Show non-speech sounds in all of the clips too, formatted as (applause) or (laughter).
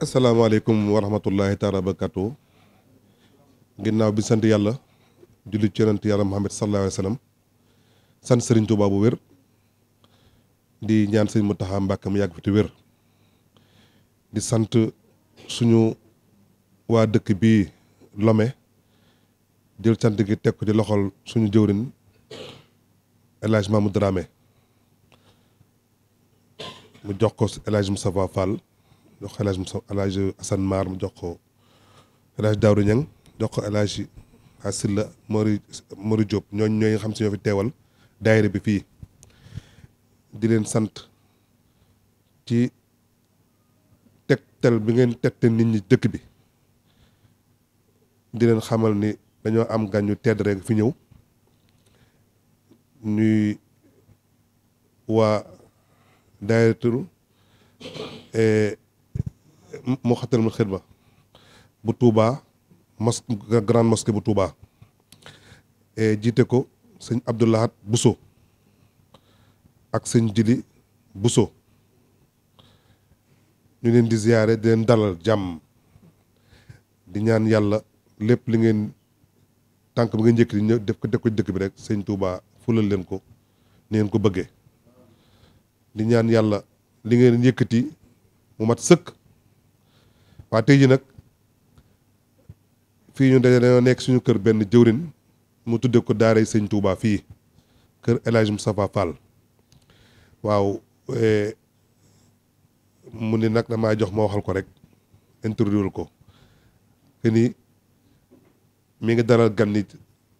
asalaamaaleykum wa rahmatullahi taala barakatu ginnaaw bi sant yàlla julli ci yonent yàlla Muhammad sallallahu alayhi wa sallam sant sëriñ Tuubaa bu wér di ñaan sëriñ Muntaxa Mbàkke mu yàgg fi te wér di sant suñu waa dëkk bii Lomé jël sant gi teg ko ci loxol suñu jëwrin El Hadj Mamadou mu jox ko El Hadj Moustapha Fall jox ko El Hadj Moussa El Hadj Assane Mar jox ko El Hadj jox ko El Hadj Asila Mori Mori Diop ñooñ ñooy xam si ñoo fi teewal daayira bi fii di leen sant ci tegtal bi ngeen tette nit ñi dëkk bi di leen xamal ni dañoo am gan ñu tedd rek fi ñëw ñuy waa daayira turu eh, moo xatal ma bu Touba mos grande mosquée bu Touba e, jiite ko sëñ Abdoulahat Bousso ak sëñ Jili Bousso ñu leen di ziyaare di leen dalal jàmm di ñaan yàlla lépp li ngeen tànk bi nga njëkk di ñëw def ko def dëkk bi rek sëñ Touba fulal leen ko ni ngeen ko bëggee di ñaan yàlla li ngeen yëkkati mu mat sëkk waa tey ji nag fii ñu daje dañoo nekk suñu kër benn jëwrin mu tudde ko daaray sëñ Touba fii kër El Hadj Moustapha Fall waaw eh, mu ni nag damaa jox ma waxal ko rek introduire ko que ni mi ngi dalal gan nit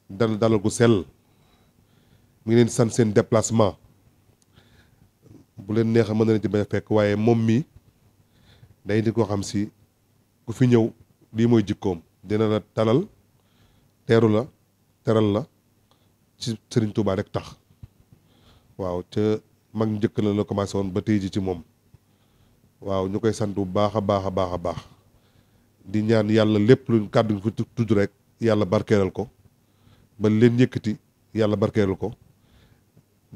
dal dalal gu sell mu ngi leen sant seen déplacement bu leen neexa mën na leen ci bañ fekk waaye moom mi day di ko xam si ku fi ñëw lii mooy jikkoom dina la dalal teeru la teral la ci Serigne Touba rek tax waaw ca mag njëkk la la commencé woon ba tey ji ci moom waaw ñu koy sant bu baax a baax a baax a baax di ñaan yàlla lépp luñ kàddu ñu fi tudd rek yàlla barkeeral ko ba leen yëkkati yàlla barkeeral ko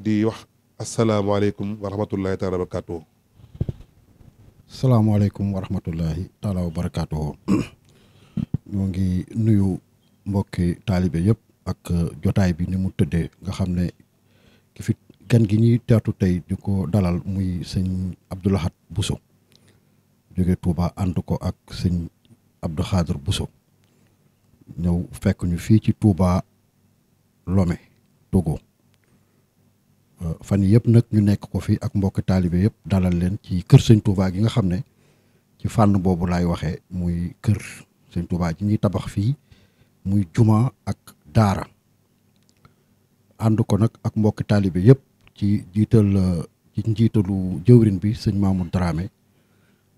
di wax asalaamaaleykum wa rahmatullahi taala wa barakatuh salaamaaleykum wa rahmatullahi taalaa wa barakaatuhu ñoo ngi nuyu mbokki taalibe yépp ak jotaay bi ni mu tëddee nga xam ne ki fi gan gi ñuy teertu tey di ko dalal muy sëñ Abdou Lahad Bousso jóge tuuba ànd ko ak sëñ Abdou Khadre Bousso ñëw fekk ñu fii ci Touba lome Togo Euh, fan yëpp nag ñu nekk ko fi ak mbokk taalibe yëpp dalal leen ci kër sëñ Touba gi nga xam ne ci fànn boobu laay waxee muy kër sëñ Touba ji ñuy tabax fii muy juma ak daara ànd ko nag ak mbokk taalibe yëpp ci jiital ci njiitalu jëwrin bi sëñ Mamour Dramé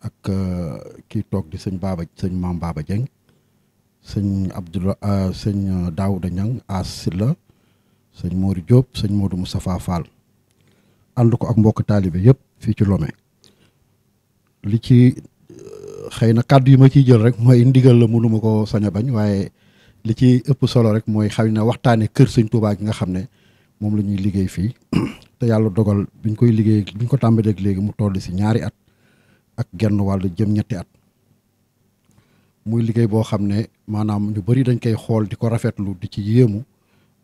ak euh, kii toog di sëñ baaba sëñ Maam Baba Dieng sëñ Abdoula euh, sëñ Daouda Niang As Silla sëñ Mori Diop sëñ Modou Moustapha Fall ànd ko ak mbokk taalibe yëpp fii ci lome li ci euh, xëy na kàddu yi ma ciy jël rek mooy ndigal la mënuma ko sañ bañ waaye li ci ëpp solo rek mooy xaw na waxtaane kër sëñ Tuubaa gi nga xam ne moom la ñuy liggéey fii (clears throat) te yàlla dogal biñ koy liggéey biñ ko tàmbalee léegi mu toll si ñaari at ak genn wàll jëm ñetti at muy liggéey boo xam ne maanaam ñu bari dañ koy xool di ko rafetlu di ci yéemu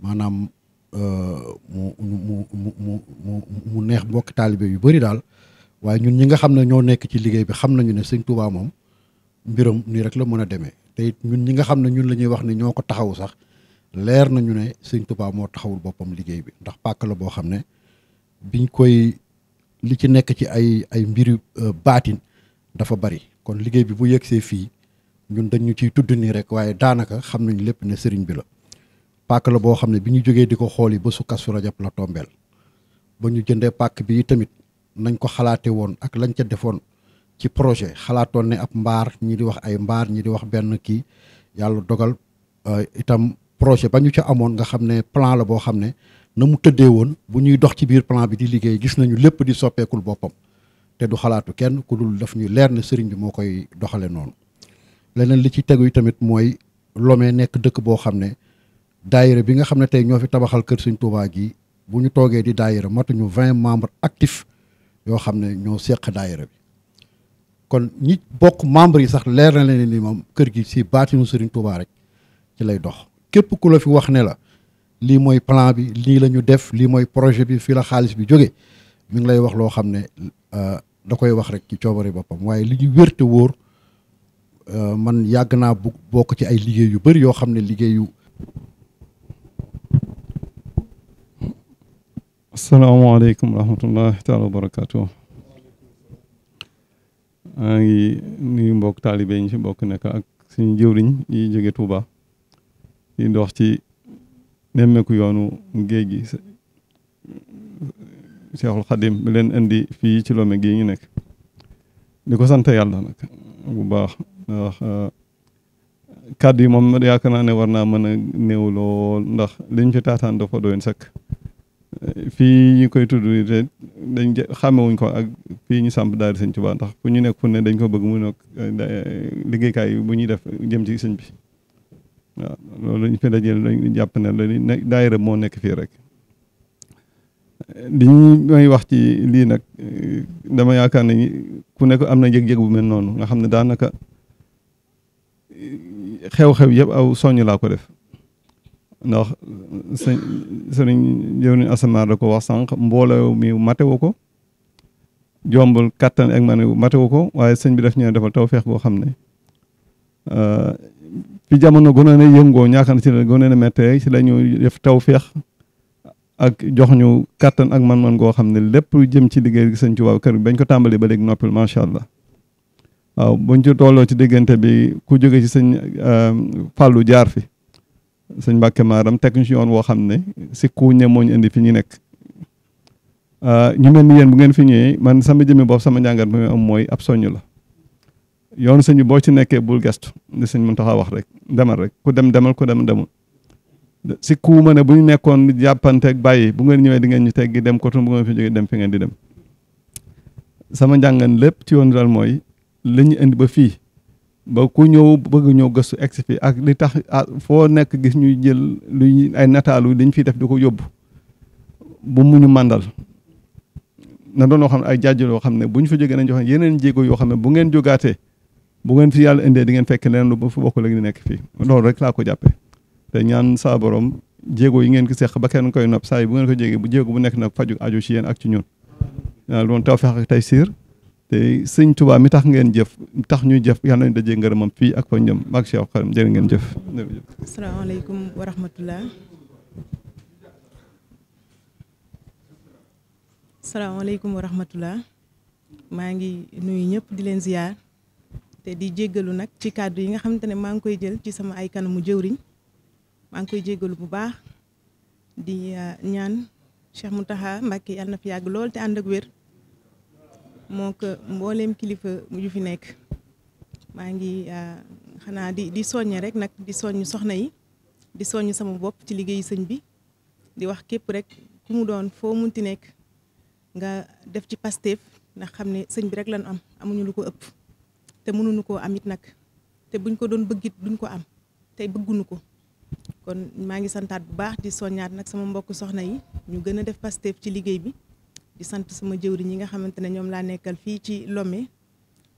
maanaam mu mu mu mu mu neex mbokk taalibe yu bëri daal waaye ñun ñi nga xam ne ñoo nekk ci liggéey bi xam nañu ne sëñ Touba moom mbiram nii rek la mën a demee te it ñun ñi nga xam ne ñun la ñuy wax ne ñoo ko taxawu sax leer nañu ne sëñ Touba moo taxawul boppam liggéey bi ndax pàkk la boo xam ne biñ koy li ci nekk ci ay ay mbiri euh, baatin dafa bari kon liggéey bi bu yegsee fii ñun dañu ciy tudd nii rek waaye daanaka xam nañ lépp ne sëriñ bi pàkk la boo xam ne bi ñu jógee di ko xool yi bésu Kazu Rajab la tombeel ba ñu jëndee pàkk bi tamit nañ ko xalaatee woon ak lañ ca defoon ci projet xalaatoon ne ab mbaar ñi di wax ay mbaar ñi di wax benn kii yàlla dogal euh, itam projet ba ñu ca amoon nga xam ne plan la boo xam ne na mu tëddee woon bu ñuy dox ci biir plan bi di liggéey gis nañu lépp di soppeekul boppam te du xalaatu kenn ku dul daf ñu leer ne sëriñ bi moo koy doxale noonu leneen li ci tegu tamit mooy Lomé nekk dëkk boo xam ne daayira bi nga xam ne tey ñoo fi tabaxal kër Sëñ Tuubaa gi bu ñu toogee di daayira matuñu vingt membres actif yoo xam ne ñoo seq daayira bi kon ñi bokk membres yi sax leer na leen nii moom kër gi si baatinu Sëriñ Tuubaa rek ci lay dox képp ku la fi wax ne la lii mooy plan bi lii lañu def lii mooy projet bi fii la xaalis bi jóge mu ngi lay wax loo xam ne euh, da koy wax rek ci coobare boppam waaye li ñu wérte te wóor euh, man yàgg naa bu bokk ci ay liggéey yu bëri yoo xam ne liggéeyu asalaamaaleykum wa rahmatulah taala wa barakaatu. maa ngi nuyu mbokk taalibe yi ci bokk nekk ak suñu jëwriñ yi jóge Touba. di dox ci nemmeeku yoonu géej gi Cheikhul Khadim bi leen indi fii ci Lomé gii ñu nekk. di ko sant yàlla nag bu baax ndax uh, kàddu yi moom yaakaar naa ne war naa mën a néew ndax liñ ci taataan dafa doyoon fii ñu koy tudd te dañ xàmmewuñ ko ak fii ñu samp daari sëñ Tuubaa ndax fu ñu nekk fu ne dañ ko bëgg mu nekk eh, liggéeykaay bu ñuy def jëm ci sëñ bi waaw loolu lañ fi dajeel dañ jàpp ne moo nekk fii rek li ñu may wax ci lii nag eh, dama yaakaar ne ku nekk am na yëg-yëg bu mel noonu nga xam ne daanaka eh, xew-xew yëpp aw soññ laa ko def ndax sëñ sëriñ jëwriñ asamaar da ko wax sànq mbooloo mi matewu ko jombul kattan ak man matewu ko waaye sëñ bi daf ñëw defal feex goo xam ne euh, fi jamono gënoon a yëngoo ñaakan si la gënoon a si la ñu def tawféex ak jox ñu kattan ak man-man goo xam ne lépp lu jëm ci liggéey sëñ ci waaw kër bi bañ ko tàmbali ba léegi noppil macha allah waaw buñ ci tolloo ci diggante bi ku jóge ci sëñ euh, fàllu jaar fi sëñ Mbàkke Maaram teg ñu ci yoon woo xam ne si ku ne ñu indi fi ñu nekk ah, ñu mel ni bu ngeen fi ñëwee man sama jëmmi bopp sama njàngat bi am mooy ab soññ la yoonu sëñ boo ci nekkee bul gestu li sëñ Muntaxa wax rek demal rek ku dem demal ku dem demul si ku ma ne bu ñu nekkoon jàppanteeg bàyyi bu ngeen ñëwee di ngeen ñu teggi dem kotum bu dem fi ngeen di dem sama njàngan lépp ci yoon daal mooy li indi ba fii ba ku ñëw bëgg ñëw gëstu egsi fi ak li tax ah, foo nekk gis ñuy jël luy ay nataalu dañ fi def di ko yóbbu bu mu ñu màndal na doon xam ne ay jàjj loo xam ne bu ñu fa jógee nañ joxe yeneen jéego yoo xam ne bu ngeen jógaatee bu ngeen fi yàlla indee di ngeen fekk leneen lu ba fa bokk ak li nekk fii loolu rek laa ko jàppee ñaan saa borom jéego yi ngeen ko seq ba kenn koy nopp saa yi bu ngeen ko jégee bu jéego bu nekk nag faju aju ci yéen ak ci ñun loolu tawfeex tey taysiir te sëñ Tuubaa mi tax ngeen jëf tax ñuy jëf yàlla nañu dajee ngërëmam fii ak fa ñoom maag Cheikh Xarim jërë ngeen jëf. asalaamaaleykum wa rahmatulah. asalaamaaleykum wa maa ngi nuyu ñëpp di leen ziar te di jéggalu nag ci kàddu yi nga xamante ne maa ngi koy jël ci sama ay kanamu jëwriñ maa ngi koy jéggalu bu baax di ah, ñaan Cheikh Mountakha Mbacké yàlla na fi yàgg lool te ànd ak wér. moo ko mbooleem kilifa yu fi nekk maa ngi euh, xanaa di di soññ rek nag di soññ soxna yi di soññ sama bopp ci liggéey sëñ bi di wax képp rek ku mu doon foo mun munti nekk nga def ci Pastef ndax xam ne sëñ bi rek lañu am amuñu lu ko ëpp te mënuñu koo am it nag te buñ ko doon bëggit duñ ko am tey bëgguñu ko kon maa ngi santaat bu baax di soññaat nag sama mbokk soxna yi ñu gën a def Pastef ci liggéey bi di sant sama jëwriñ yi nga xamante ne ñoom laa nekkal fii ci Lomé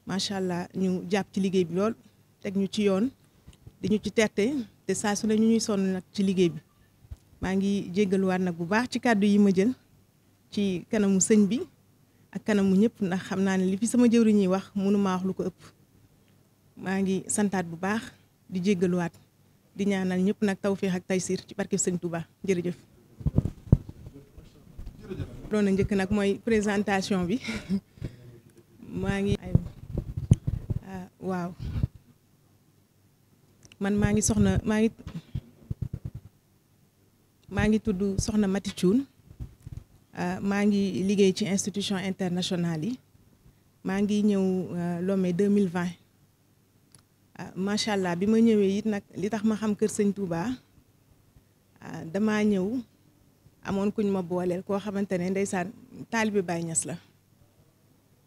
macha allah ñu jàpp ci liggéey bi lool teg ñu ci yoon di ñu ci terte te saa su ne ñu ñuy sonn nag ci liggéey bi maa ngi jéggaluwaat nag bu baax ci kàddu yi ma jël ci kanamu sëñ bi ak kanamu ñëpp ndax xam naa ne li fi sama jëwriñ yi wax mënumaa wax lu ko ëpp maa ngi santaat bu baax di jéggaluwaat di ñaanal ñëpp nag tawféex ak taysir ci barke sëñ Touba jërëjëf. waroon njëkk nag mooy présentation bi maa ngi ah, waaw man maa ngi soxna maa ngi maa ngi tudd soxna Mati ah, maa ngi liggéey ci institution internationale yi maa ngi ñëw ah, Lomé 2020 macha allah bi ma ñëwee it nag li tax ma xam Kër Sëñ Touba damaa ñëw amoon kuñ ma booleel koo xamante ne ndeysaan taalibe bay Ñas la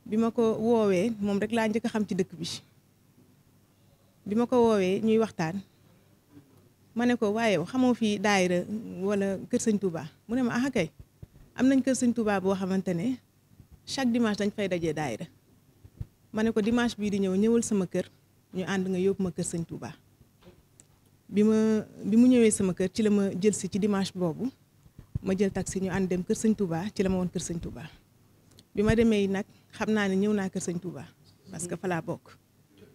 bi ma ko woowee moom rek laa njëkk xam ci dëkk bi bi ma ko woowee ñuy waxtaan ma ne ko waaye xamoo fii daayira walla kër sëñ Touba mu ne ma ah am nañ kër sëñ Touba boo xamante ne chaque dimanche dañ fay dajee daayira ma ne ko dimanche bii di ñëw ñëwal sama kër ñu ànd nga yóbbu ma kër sëñ Touba bi ma bi mu ñëwee sama kër ci la ma jël si ci dimanche boobu ma jël taxi ñu ànd dem Kër Sëñ Touba ci la ma woon Kër Sëñ Touba bi ma demee nag xam naa ne ñëw naa Kër Sëñ Touba parce que fa laa bokk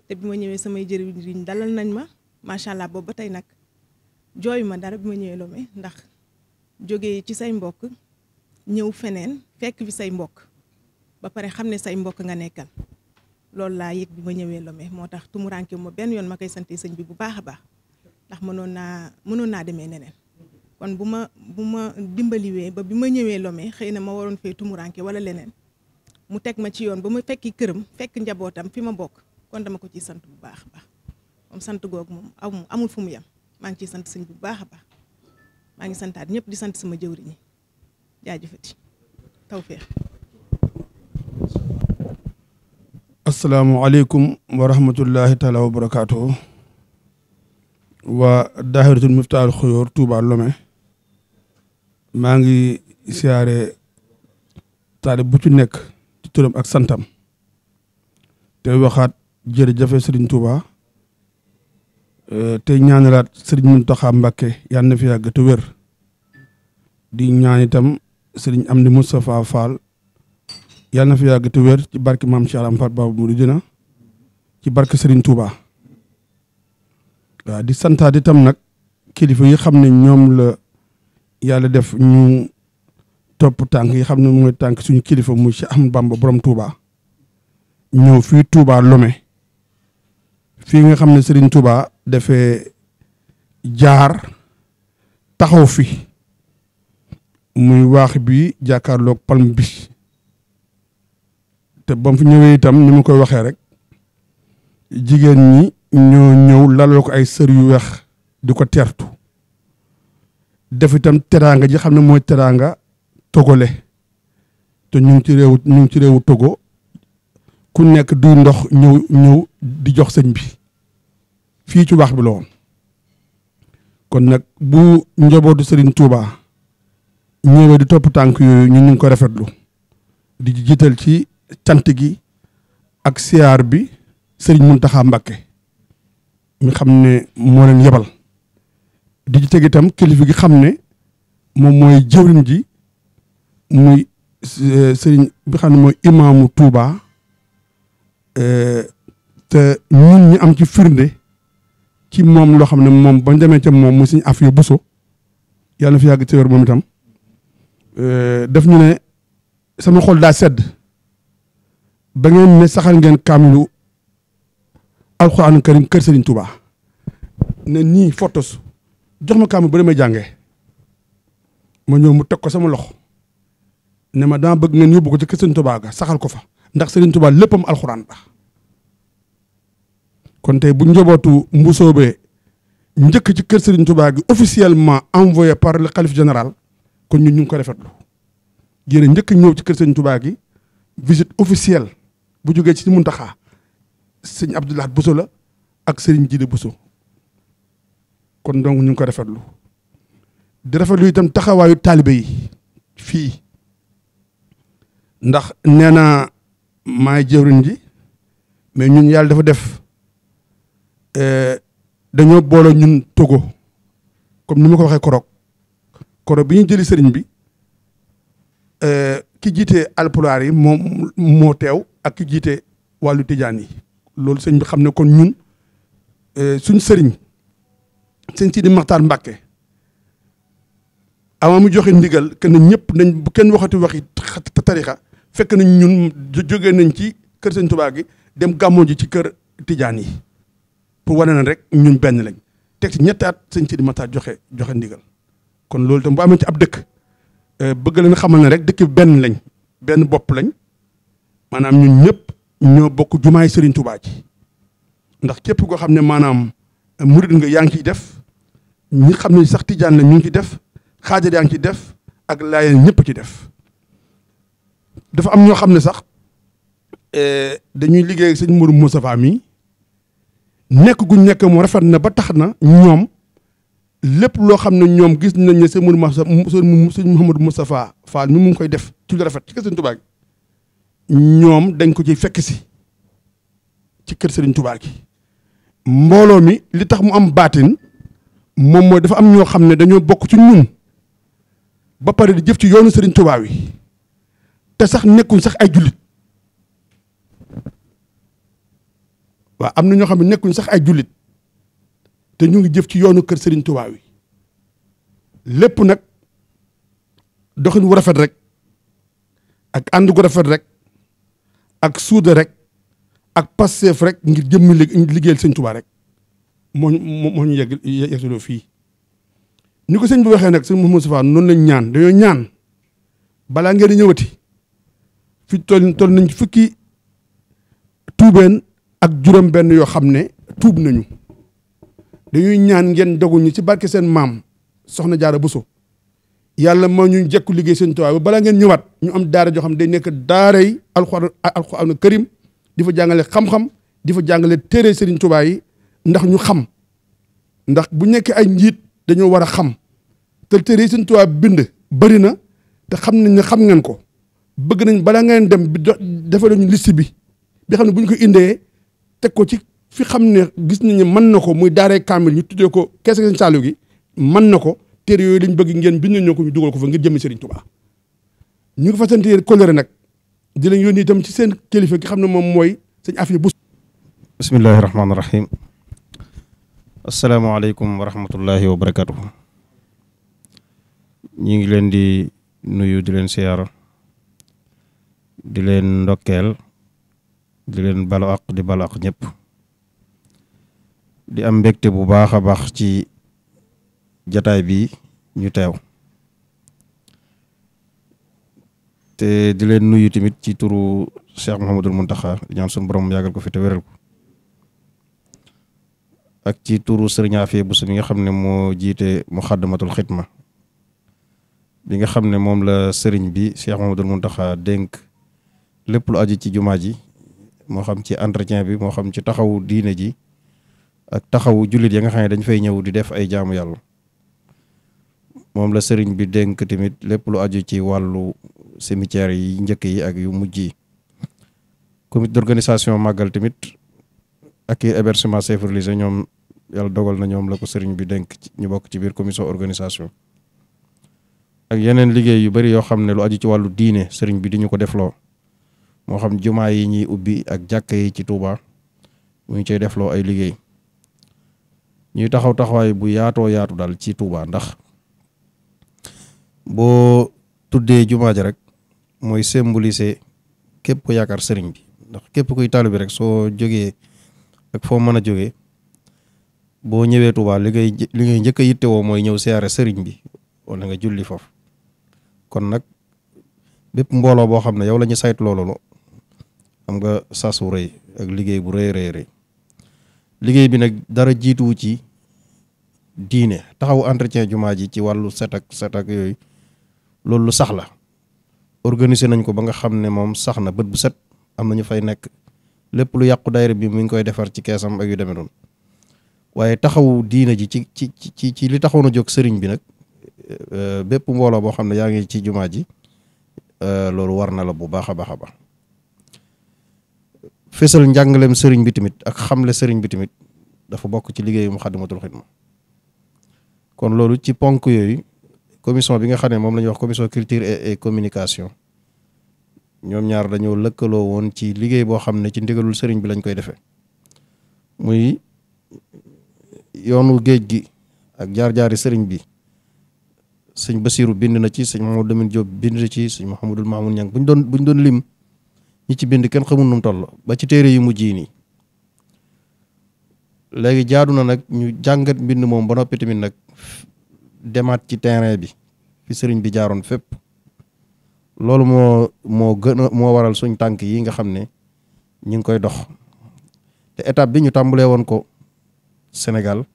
te bi ma ñëwee samay jëriñ dalal nañ ma macha allah boobu ba tey nag jooyu ma dara bi ma ñëwee Lomé ndax jógee ci say mbokk ñëw feneen fekk fi say mbokk ba pare xam ne say mbokk nga nekkal loolu laa yëg bi ma ñëwee Lomé moo tax tumuraanke ma benn yoon ma koy sant sañ bi bu baax a baax ndax mënoon naa mënoon naa demee neneen. kon bu ma bu ma dimbaliwee ba bi ma ñëwee Lomé xëy na ma waroon fee tumuranke wala leneen mu teg ma ci yoon ba ma fekki këram fekk njabootam fi ma bokk kon dama ko ci sant bu baax a baax moom sant googu moom amul amul fu mu yem maa ngi ciy sant sëñ bu baax a baax maa ngi santaat ñëpp di sant sama jëwriñ yi jaajëfati tawféex. asalaamualeykum wa rahmatullahi taala wa barakaatu. waa daahiratul miftaahul xuyóor Touba Lomé maa ngi siyaare taalib bu ci nekk ci turam ak santam te waxaat jërëjëfe sëriñ Touba eh, te ñaanalaat sëriñ Mountakha Mbacké yàlla na fi yàgg te wér di ñaan itam sëriñ Amdi Moustapha Fall yàlla na fi yàgg te ci barke maam Cheikh Aram Fall Babou Mouridina ci barke sëriñ Touba waaw di santaat itam nag kilifa yi xam ne ñoom la yàlla def ñu topp tànk yi xam ne mooy tànk suñu kilifa muy Cheikh Ahmadou Bamba borom Touba ñëw fii Touba Lomé fii nga xam ne Serigne Touba dafee jaar taxaw fi muy waax bi jàkkaarloog palm bi te ba mu fi ñëwee itam ni ma koy waxee rek jigéen ñi ñoo ñëw lalal ko ay sër yu weex di ko teertu def itam teraanga ji xam ne mooy teraanga togole te ñu ngi ci réew ñu ngi ci réewu togo ku nekk duy ndox ñëw ñëw di jox sëñ bi fii ci wax bi la kon nag bu njabootu Serigne Touba ñëwee di topp tànk yooyu ñu ñu ngi ko rafetlu di jiital ci cant gi ak siyaar bi Serigne Mountakha Mbacké mi xam ne moo leen di ci teg itam kilifa gi xam ne moom mooy jëwriñ ji muy euh, sëriñ bi xam ne mooy imaamu Touba euh, te ñun ñu am ci firnde ci moom loo xam ne moom bañ demee ca moom suñu Afia Bousso yàlla na fi yàgg ci wér moom itam euh, daf ñu ne sama xol daa sedd ba ngeen ne saxal ngeen kaamilu alxuraanu karim kër Serigne Touba ne nii fotos jox ma kaamil ba damay jàngee ma ñëw mu teg ko sama loxo ne ma dama bëgg ngeen yóbbu ko ci kër Serigne Touba saxal ko fa ndax Serigne Touba léppam alxuraan la kon tey bu njabootu Mbusoobe njëkk ci kër Serigne Touba gi officiellement envoyé par le calife général kon ñun ñu ngi ko rafetlu yéen a njëkk ñëw ci kër Serigne Touba gi visite officielle bu jógee ci Muntaxa sëñ Abdoulaye Bousso la ak Serigne Jide Bousso kon donc ñu ngi ko rafetlu di rafetlu itam taxawaayu taalibe yi fii ndax nee na maay jëwriñ ji mais ñun yàlla dafa def e, dañoo boole ñun Togo comme ni ma ko waxee korok korok bi ñu jëli sëriñ bi e, ki jiite alpulaar yi moom moo teew ak ki jiite wàllu tijaan yi loolu sëñ bi xam ne kon ñun e, suñ sëriñ sëñ Sidi Maxtaar Mbàkke avant mu joxe ndigal kenn ne ñëpp nañ bu kenn waxati waxi tarixa fekk nañ ñun jógee nañ ci kër sëñ Tuubaa gi dem gàmmoo ci kër tijaan yi pour wane na rek ñun benn lañ teg ci ñettaat at sëñ Sidi Maxtaar joxe joxe ndigal kon loolu tam bu ci ab dëkk euh, bëgg leen xamal ne rek dëkk benn lañ benn bopp lañ maanaam ñun ñëpp ñoo bokk jumaay Serigne Touba ci ndax cépp koo xam ne maanaam murid nga yaa ngi ciy def ñi xam ne sax tijaan la ñu ngi ci def xaajar yaa ngi ci def ak laayeen ñëpp ci def dafa am ñoo xam ne sax eh, dañuy liggéey ak sëñ Mourou Moustapha mi nekk gu nekk mu rafet na ba tax na ñoom lépp loo xam ne ñoom gis nañ ne sëñ Mourou sëñ Mouhamadou Moustapha Fall mi mu ngi koy def ci rafet ci kër sëñ Touba ñoom dañ ko ci fekk si ci kër sëriñ Touba gi mbooloo mi li tax mu am baatin moom mooy dafa am ñoo xam ne dañoo bokk ci ñun ba pare di jëf ci yoonu sëriñ Touba wi te sax nekkuñ sax ay jullit waaw am na ñoo xam ne nekkuñ sax ay jullit te ñu ngi jëf ci yoonu kër Serigne Touba wi lépp nag doxin wu rafet rek ak ànd gu rafet rek ak suude rek ak passeef rek ngir jëmmi liggéeyal Serigne Touba rek. moo moo ñu yegg yegg fii ni ko sëñ bi waxee nag sëñ Mouhamadou Moustapha noonu lañ ñaan dañoo ñaan balaa ngeen di ñëwati fi toll toll nañ fukki tuubeen ak juróom-benn yoo xam ne tuub nañu dañuy ñaan ngeen doguñu ci barke seen maam soxna Jaara Buso yàlla moo ñu jekku liggéey seen tuwaay ba balaa ngeen ñëwaat ñu am daara joo xam ne day nekk daaray alxuraan alxuraan karim di fa jàngale xam-xam di fa jàngale téere Serigne Touba yi ndax ñu xam ndax bu nekkee ay njiit dañoo war a xam te téere yi Sëñ Tuubaa bind bëri na te xam nañ ne xam ngeen ko bëgg nañ balaa ngeen dem bi defal ñu liste bi bi xam ne bu ko indee teg ko ci fi xam ne gis nañu ne mën na ko muy daaree kaamil ñu tuddee ko kese Sëñ Saaliw gi mën na ko téere yooyu lañ bëgg ngeen bind ñoo ko ñu dugal ko fa ngir jëmmi Sëriñ Tuubaa ñu ngi fasante yéen kóllëre nag di leen yónni itam ci seen kilifa gi xam ne moom mooy sëñ Afiya Bus bismillahi asalaamaaleykum wa rahmatullahi wa barakaatu. ñu ngi leen di nuyu di leen siyaara di leen ndokkeel di leen balu àq di balu àq ñëpp di am mbégte bu baax a baax ci jataay bi ñu teew te di leen nuyu tamit ci turu Cheikh Mouhamadul Mountakha ñaan suñu borom yàggal ko fi te wéral ko ak ci turu sëriñ Afia Bousso mi nga xam ne moo jiite muxaddamatul xidma bi nga xam ne moom la sëriñ bi Cheikh Mamadou Mountakha dénk lépp lu aju ci jumaa ji moo xam ci entretien bi moo xam ci taxawu diine ji ak taxawu jullit ya nga xam ne dañ fay ñëw di def ay jaamu yàlla moom la sëriñ bi dénk tamit lépp lu aju ci wàllu cimetière yi njëkk yi ak yu mujj yi comité d'organisation màggal tamit ak hébergement chef religieux ñoom yàlla dogal na ñoom la ko sëriñ bi dénk ñu bokk ci biir commission organisation ak yeneen liggéey yu bari yoo xam ne lu aju ci wàllu diine sëriñ bi di ñu ko defloo moo xam jumaa yi ñuy ubbi ak jàkka yi ci Touba mu ngi cay defloo ay liggéey ñuy taxaw taxawaay bu yaatoo yaatu daal ci Touba ndax boo tuddee jumaa ji rek mooy symboliser képp ko yaakaar sëriñ bi ndax képp kuy bi rek soo jógee ak foo mën a jóge boo ñëwee Touba li ngay li ngay njëkk a mooy ñëw siyaare sëriñ bi wala nga julli foofu kon nag bépp mbooloo boo xam ne yow lañu ñu sayt loolu am nga sas rëy ak liggéey bu rëy rëy rëy liggéey bi nag dara jiituwu ci diine taxaw entretien jumaa ji ci wàllu set ak set ak yooyu loolu lu sax la organiser nañ ko ba nga xam ne moom sax na bët bu set am na ñu fay nekk lépp lu yàqu daayira bi mu ngi koy defar ci keesam ak yu demee noonu waaye taxaw diina ji ci ci ci ci li taxaw na jog sëriñ bi nag euh, euh, bépp mbooloo boo xam ne yaa ngi ci jumaa ji euh, loolu war na la bu baax a baax a baax fésal njàngaleem sëriñ bi tamit ak xam le sëriñ bi tamit dafa bokk ci liggéey liggéeyu Muxaddamatul Xidma kon loolu ci ponk yooyu commission bi nga xam ne moom la ñuy wax commission culture et communication ñoom ñaar dañoo lëkkaloo woon ci liggéey boo xam ne ci ndigalul sëriñ bi lañ koy defee muy yoonu géej gi ak jaar-jaari sëriñ bi sëñ Basiiru bind na ci sëñ Mahamadou Lamine Diop bind na ci suñ Mahamadul Mamoun Ñang buñ doon buñ doon lim ñi ci bind kenn xamul nu mu toll ba ci téere yi mu yi nii léegi jaadu na nag ñu jàngat mbind moom ba noppi tamit nag demaat ci terrain bi fi sëriñ bi jaaroon fépp loolu moo moo gën a moo waral suñ tànk yi nga xam ne ñu ngi koy dox te étape bi ñu tàmbalee woon ko senegal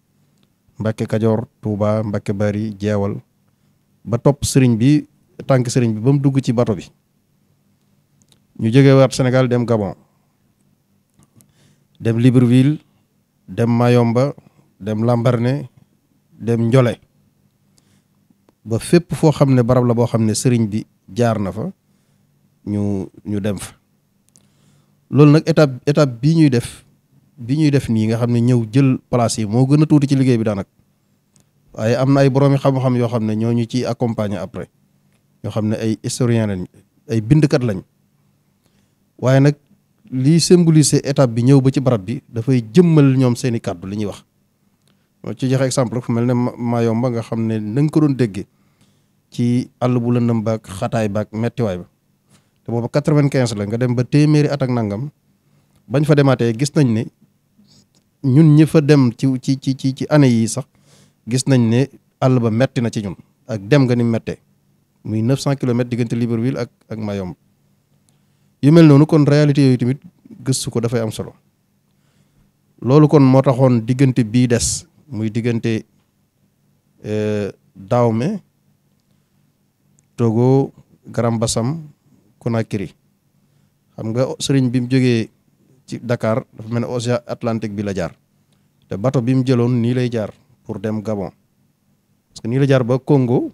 Mbàkke Kajoor Touba Mbàkke Bari jeewal ba topp sëriñ bi tànk sëriñ bi ba mu dugg ci bato bi ñu jógewaat senegal dem Gabon dem Libreville dem Mayomba dem Lambaréné dem Njole ba fépp foo xam ne barab la boo xam ne sëriñ bi jaar na fa ñu ñu dem fa loolu nag étape étape bii ñuy def bi ñuy def nii nga xam ne ñëw jël place yi moo gën a tuuti ci liggéey bi daanaka waaye am na ay boroomi xam-xam yoo xam ne ñoo ñu ciy accompagner après yoo xam ne ay historien lañ ay bindkat lañ waaye nag liy symboliser étape bi ñëw ba ci barab bi dafay jëmmal ñoom seeni kàddu li ñuy wax. ci joxe exemple fu mel ne ma Mayomba nga xam ne na nga ko doon déggee ci àll bu lëndëm baag xataay baag mettiwaay ba te booba quatre-vingt-quinze la nga dem ba téeméeri at nangam bañ fa demaatee gis nañ ne ñun ñi dem ci ci ci ci ci année yii sax gis nañ ne àll ba metti na ci ñun ak dem nga ni mettee muy 900 kilomètres diggante Libreville ak ak Mayombe yu mel noonu kon réalité yooyu tamit gëstu ko dafay am solo loolu kon moo taxoon diggante bii des muy diggante euh, Dahomey Togo Grand Bassam Conakry xam nga sëriñ bi mu jógee ci Dakar dafa mel ne Océan Atlantique bi la jaar te bato bi mu jëloon nii lay jaar pour dem Gabon parce nii la jaar ba kongo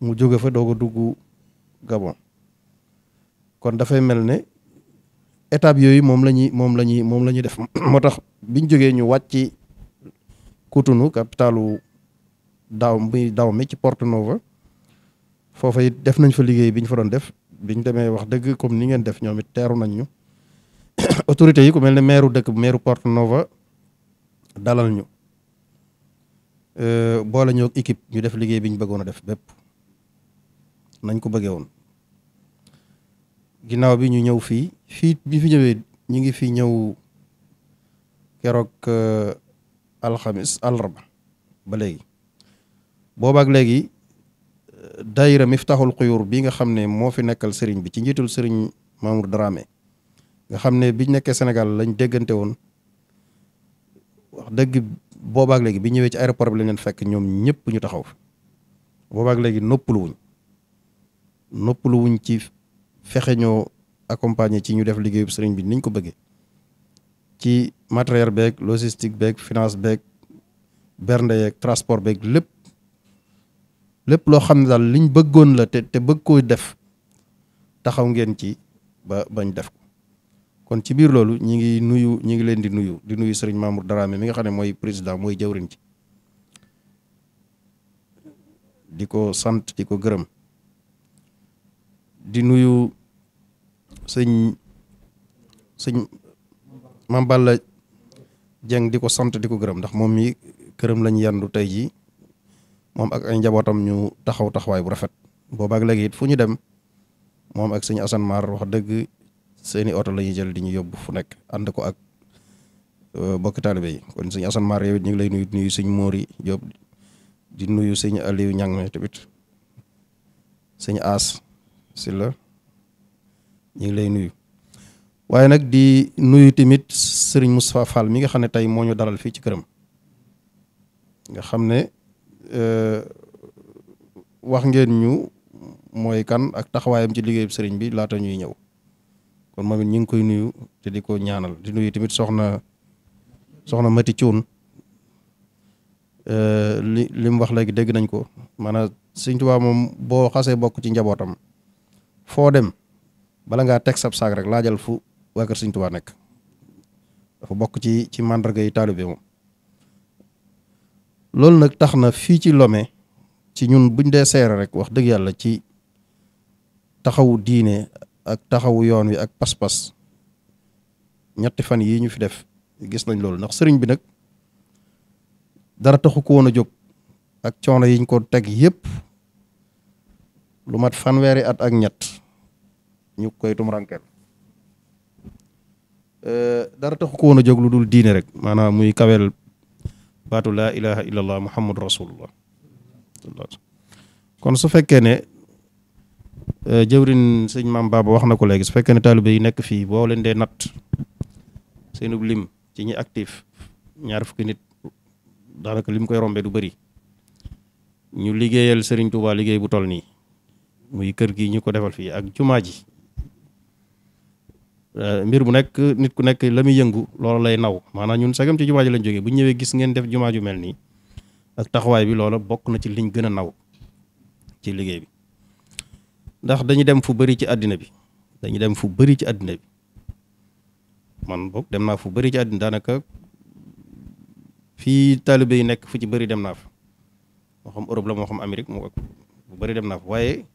mu jóge fa doog a dugg Gabon kon dafay mel ne étape yooyu moom lañuy moom la ñuy moom la ñuy def (clears throat) moo tax biñ jógee ñu wàcc Cotonou capitalu daaw muy daaw mi ci Porto Novo foofa it def nañ fa liggéey bi ñu fa doon def biñ demee wax dëgg comme ni ngeen def ñoom it teeru nañ ñu (coughs) autorités yi ko mel ne maire dëkk maire Porto Novo dalal ñu euh, boole ñoo équipe ñu def liggéey bi ñu bëggoon a def bépp nañ ko bëggee woon ginnaaw bi ñu ñëw fii fii bi fi ñëwee ñu ngi fi ñëw keroog euh, alxamis alraba ba léegi boobaak léegi euh, daayira Miftaahul Xuyuur bi nga xam ne moo fi nekkal sëriñ bi ci njiitul sëriñ Mamour Dramé nga xam ne biñ nekkee Sénégal lañ déggante woon wax dëgg boobaak léegi bi ñëwee ci aéroport bi lañ leen fekk ñoom ñëpp ñu taxaw boobaak léegi noppaluwuñ noppaluwuñ ci fexe ñoo accompagner ci ñu def liggéeyu sëriñ bi niñ ko bëggee ci matériel beeg logistique beeg finance beeg bernde yeeg transport beeg lépp lépp loo xam ne daal liñ bëggoon la te te bëgg koo def taxaw ngeen ci ba bañ def ko kon ci biir loolu ñi ngi nuyu ñi ngi leen di nuyu di nuyu sëriñ Mamour Darame mi nga xam ne mooy président mooy jawriñ ci di ko sant di ko gërëm di nuyu sëñ sëñ Mame Balla Dieng di ko sant di ko gërëm ndax moom mi këram lañu yendu tey jii moom ak ay njabootam ñu taxaw taxawaay bu rafet boobaak léegi it fu ñu dem moom ak sëñ Assane Mar wax dëgg seeni oto la ñuy jël di ñu yóbbu fu nekk ànd ko ak euh, bokk taalibe yi kon sëñ Assane Mar yow it ñu ngi lay nuyu di nuyu sëñ Mori Diop di nuyu sëñ Aliou Ñang me tamit sëñ As si la ñu ngi lay nuyu waaye nag di nuyu tamit sëriñ Moustapha Fall mi nga xam ne tey moo ñu dalal fii ci këram nga xam ne euh, wax ngeen ñu mooy kan ak taxawaayam ci liggéeyu sëriñ bi laata ñuy ñëw kon moom it ñu ngi koy nuyu te di ko ñaanal di nuyu tamit soxna soxna Mati Cuun euh, li li wax léegi dégg nañ ko maanaam Sëñ Tuubaa moom boo xasee bokk ci njabootam foo dem bala ngaa teg sab saag rek laajal fu waa kër Sëñ Tuubaa nekk dafa bokk ci ci màndarga yi taalibe moom loolu nag tax na fii ci Lomé ci ñun buñ dee seere rek wax dëgg yàlla ci taxaw diine ak taxawu yoon wi ak pas-pas ñetti fan yii ñu fi def gis nañ loolu ndax sëriñ bi nag dara taxu ko woon a jóg ak coono yiñ ko teg yépp lu mat fanweeri at ak ñett ñu koy tum rankel dara taxu ko woon a jóg lu dul diine rek maanaam muy kawel baatu la ilaha illallah muhammadu rasulullah kon su fekkee ne Euh, jëwrin sëñ maam Baba wax na ko léegi su fekkee ne taalibe yi nekk fii boo leen dee natt seenub lim ci ñi actif ñaar fukki nit daanaka lim koy rombe du bari ñu liggéeyal sëriñ Touba liggéey bu toll nii muy kër gi ñu ko defal fii ak jumaa ji euh, mbir bu nekk nit ku nekk la muy yëngu loolu lay naw maanaam ñun sagam ci jumaa ji lañ jóge bu ñëwee gis ngeen def jumaa ju mel nii ak taxawaay bi loola bokk na ci liñ gën a naw ci liggéey bi ndax dañu dem fu bari ci àddina bi dañu dem fu bari ci àddina bi man boog dem naa fu bari ci àddina daanaka fii taalibe yi nekk fu ci bari dem naa fa moo xam Europe la moo xam Amérique moo bu bëri dem naa fa waaye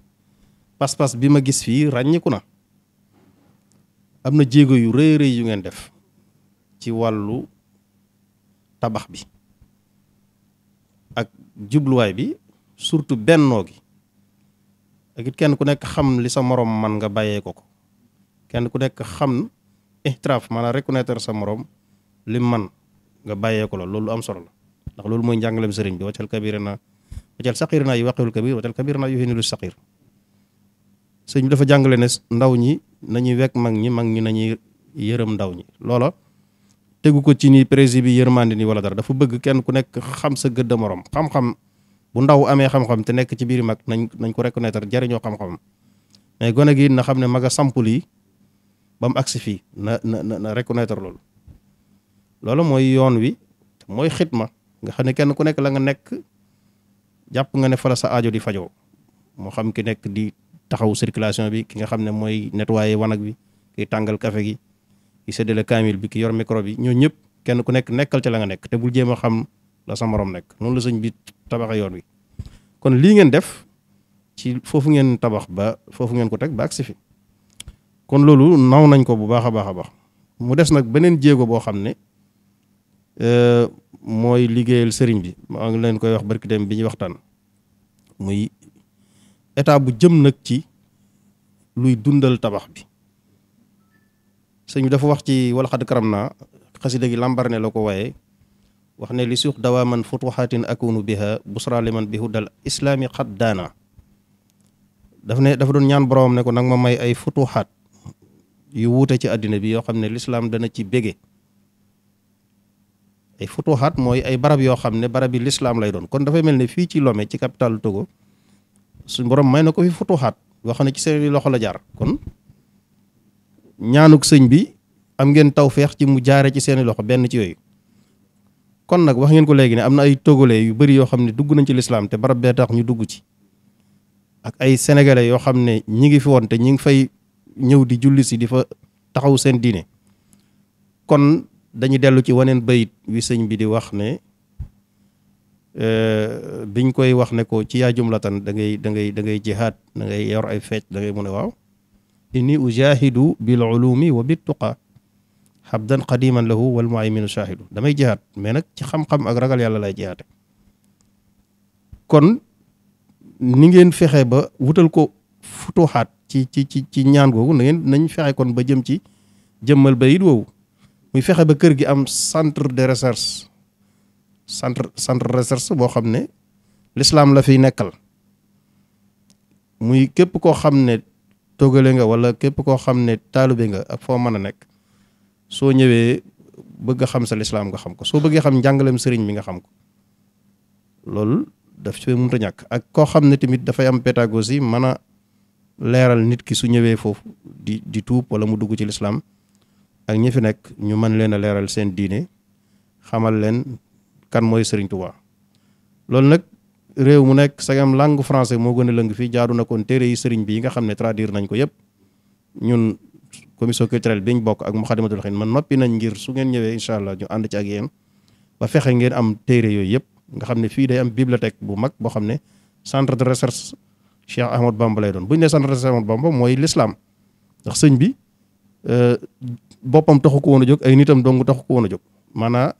pas-pas bi ma gis fii ràññiku na am na jéego yu rëy rëy yu ngeen def ci wàllu tabax bi ak jubluwaay bi surtout bennoo gi ak kenn ku nekk xam li sa morom man nga bàyyee ko ko kenn ku nekk xam ihtiraf maanaam reconnaître sa morom li man nga bàyyee ko la loolu am solo la ndax loolu mooy njàngalem sëriñ bi waccal kabira na waccal saqir naa yu waqiwul kabir waccal kabir naa yu xinilu saqir sëriñ bi dafa jàngale ne ndaw ñi nañuy wekk mag ñi mag ñi nañuy yërëm ndaw ñi loola tegu ko ci ni prési bi yërmande ni wala dara dafa bëgg kenn ku nekk xam sa gëdd morom xam-xam bu ndaw amee xam-xam te nekk ci biir mag nañ nañ ko reconnaître jariñoo xam-xam mais gone gi na xam ne mag a sampul yi ba mu agsi fii na na na reconnaître loolu loolu mooy yoon wi mooy ma nga xam ne kenn ku nekk la nga nekk jàpp nga ne fa sa ajo di fajoo moo xam ki nekk di taxaw circulation bi ki nga xam ne mooy nettoyer wanag bi ki tàngal kafe gi ki séddale kaamil bi ki yor micro bi ñoo ñëpp kenn ku nekk nekkal te la nga nekk te bul jéem a xam la sa morom nekk noonu la sëñ bi tabaxa yoon wi kon lii ngeen def ci foofu ngeen tabax ba foofu ngeen ko teg ba agsi fi kon loolu naw nañ ko bu baax a baax a baax mu des nag beneen jéego boo xam ne euh, mooy liggéeyal sëriñ bi maa ngi leen koy wax barki dem bi ñuy waxtaan muy état bu jëm nag ci luy dundal tabax bi sëñ bi dafa wax ci wala xad karam naa xasida gi làmbar ne la ko waaye wax ne li suux dawaa man futuxaatin akunu biha busra man bi huddal islaami xat daana daf ne dafa doon ñaan boroomam ne ko nag ma may ay futuxaat yu wuute ci àddina bi yoo xam ne lislaam dana ci bége ay futuxaat mooy ay barab yoo xam ne barab yi lislaam lay doon kon dafay mel ne fii ci lome ci capitale Togo suñ borom may na ko fi futuxaat yoo xam ci seeni loxo la jaar kon ñaanuk sëñ bi am ngeen tawfeex ci mu jaare ci seeni loxo benn ci yooyu kon nag wax ngeen ko léegi ne am na ay togolais yu bëri yoo xam ne dugg nañ ci lislaam te barab bee tax ñu dugg ci ak ay sénégalais yoo xam ne ñi ngi fi woon te ñi ngi fay ñëw di julli si di fa taxaw seen diine kon dañu dellu ci waneen bayit wi sëñ bi di wax ne euh, biñ koy wax ne ko ci yaa jumlatan da ngay dangay ngay da ngay jihaad da yor ay fecc da ngay mu ne waaw inni ujahidu bil ulumi wa bit tuqa xabdan qadiman lahu wal muayminu shaahidu damay jihaat mais nag ci xam-xam ak ragal yàlla lay jihaate kon ni ngeen fexe ba wutal ko futuxaat ci ci ci ci ñaan googu na nañ fexe kon ba jëm ci jëmmal ba bayit woowu muy fexe ba kër gi am centre de recherche centre centre recherche boo xam ne lislaam la fiy nekkal muy képp koo xam ne togale nga wala képp koo xam ne taalube nga ak foo mën a nekk soo ñëwee bëgg a xam sa lislaam nga xam ko soo bëggee xam njàngaleem sëriñ mi nga xam ko loolu daf ci mënut a ñàkk ak koo xam ne tamit dafay am pédagogie mën a leeral nit ki su ñëwee foofu di di tuub wala mu dugg ci lislaam ak ñi fi nekk ñu mën leen leeral seen diine xamal leen kan mooy Sëriñ Tuubaa loolu nag réew mu nekk sagam langue français moo gën a lëng fii jaadu na kon téere yi sëriñ bi yi nga xam ne traduire nañ ko yëpp ñun commission culturelle bi bokk ak Moukhaddamatoul Khidma man noppi nañ ngir su ngeen ñëwee incha allah ñu ànd ci ak yéen ba fexe ngeen am téere yooyu yëpp nga xam ne fii day am bibliothèque bu mag boo xam ne centre de recherche Cheikh Ahmad Bamba lay doon bu ñu nee centre de recherche Ahmad Bamba mooy l'islam ndax sëñ bi euh, boppam taxu ko woon a jóg ay nitam dong taxu ko woon a jóg maanaa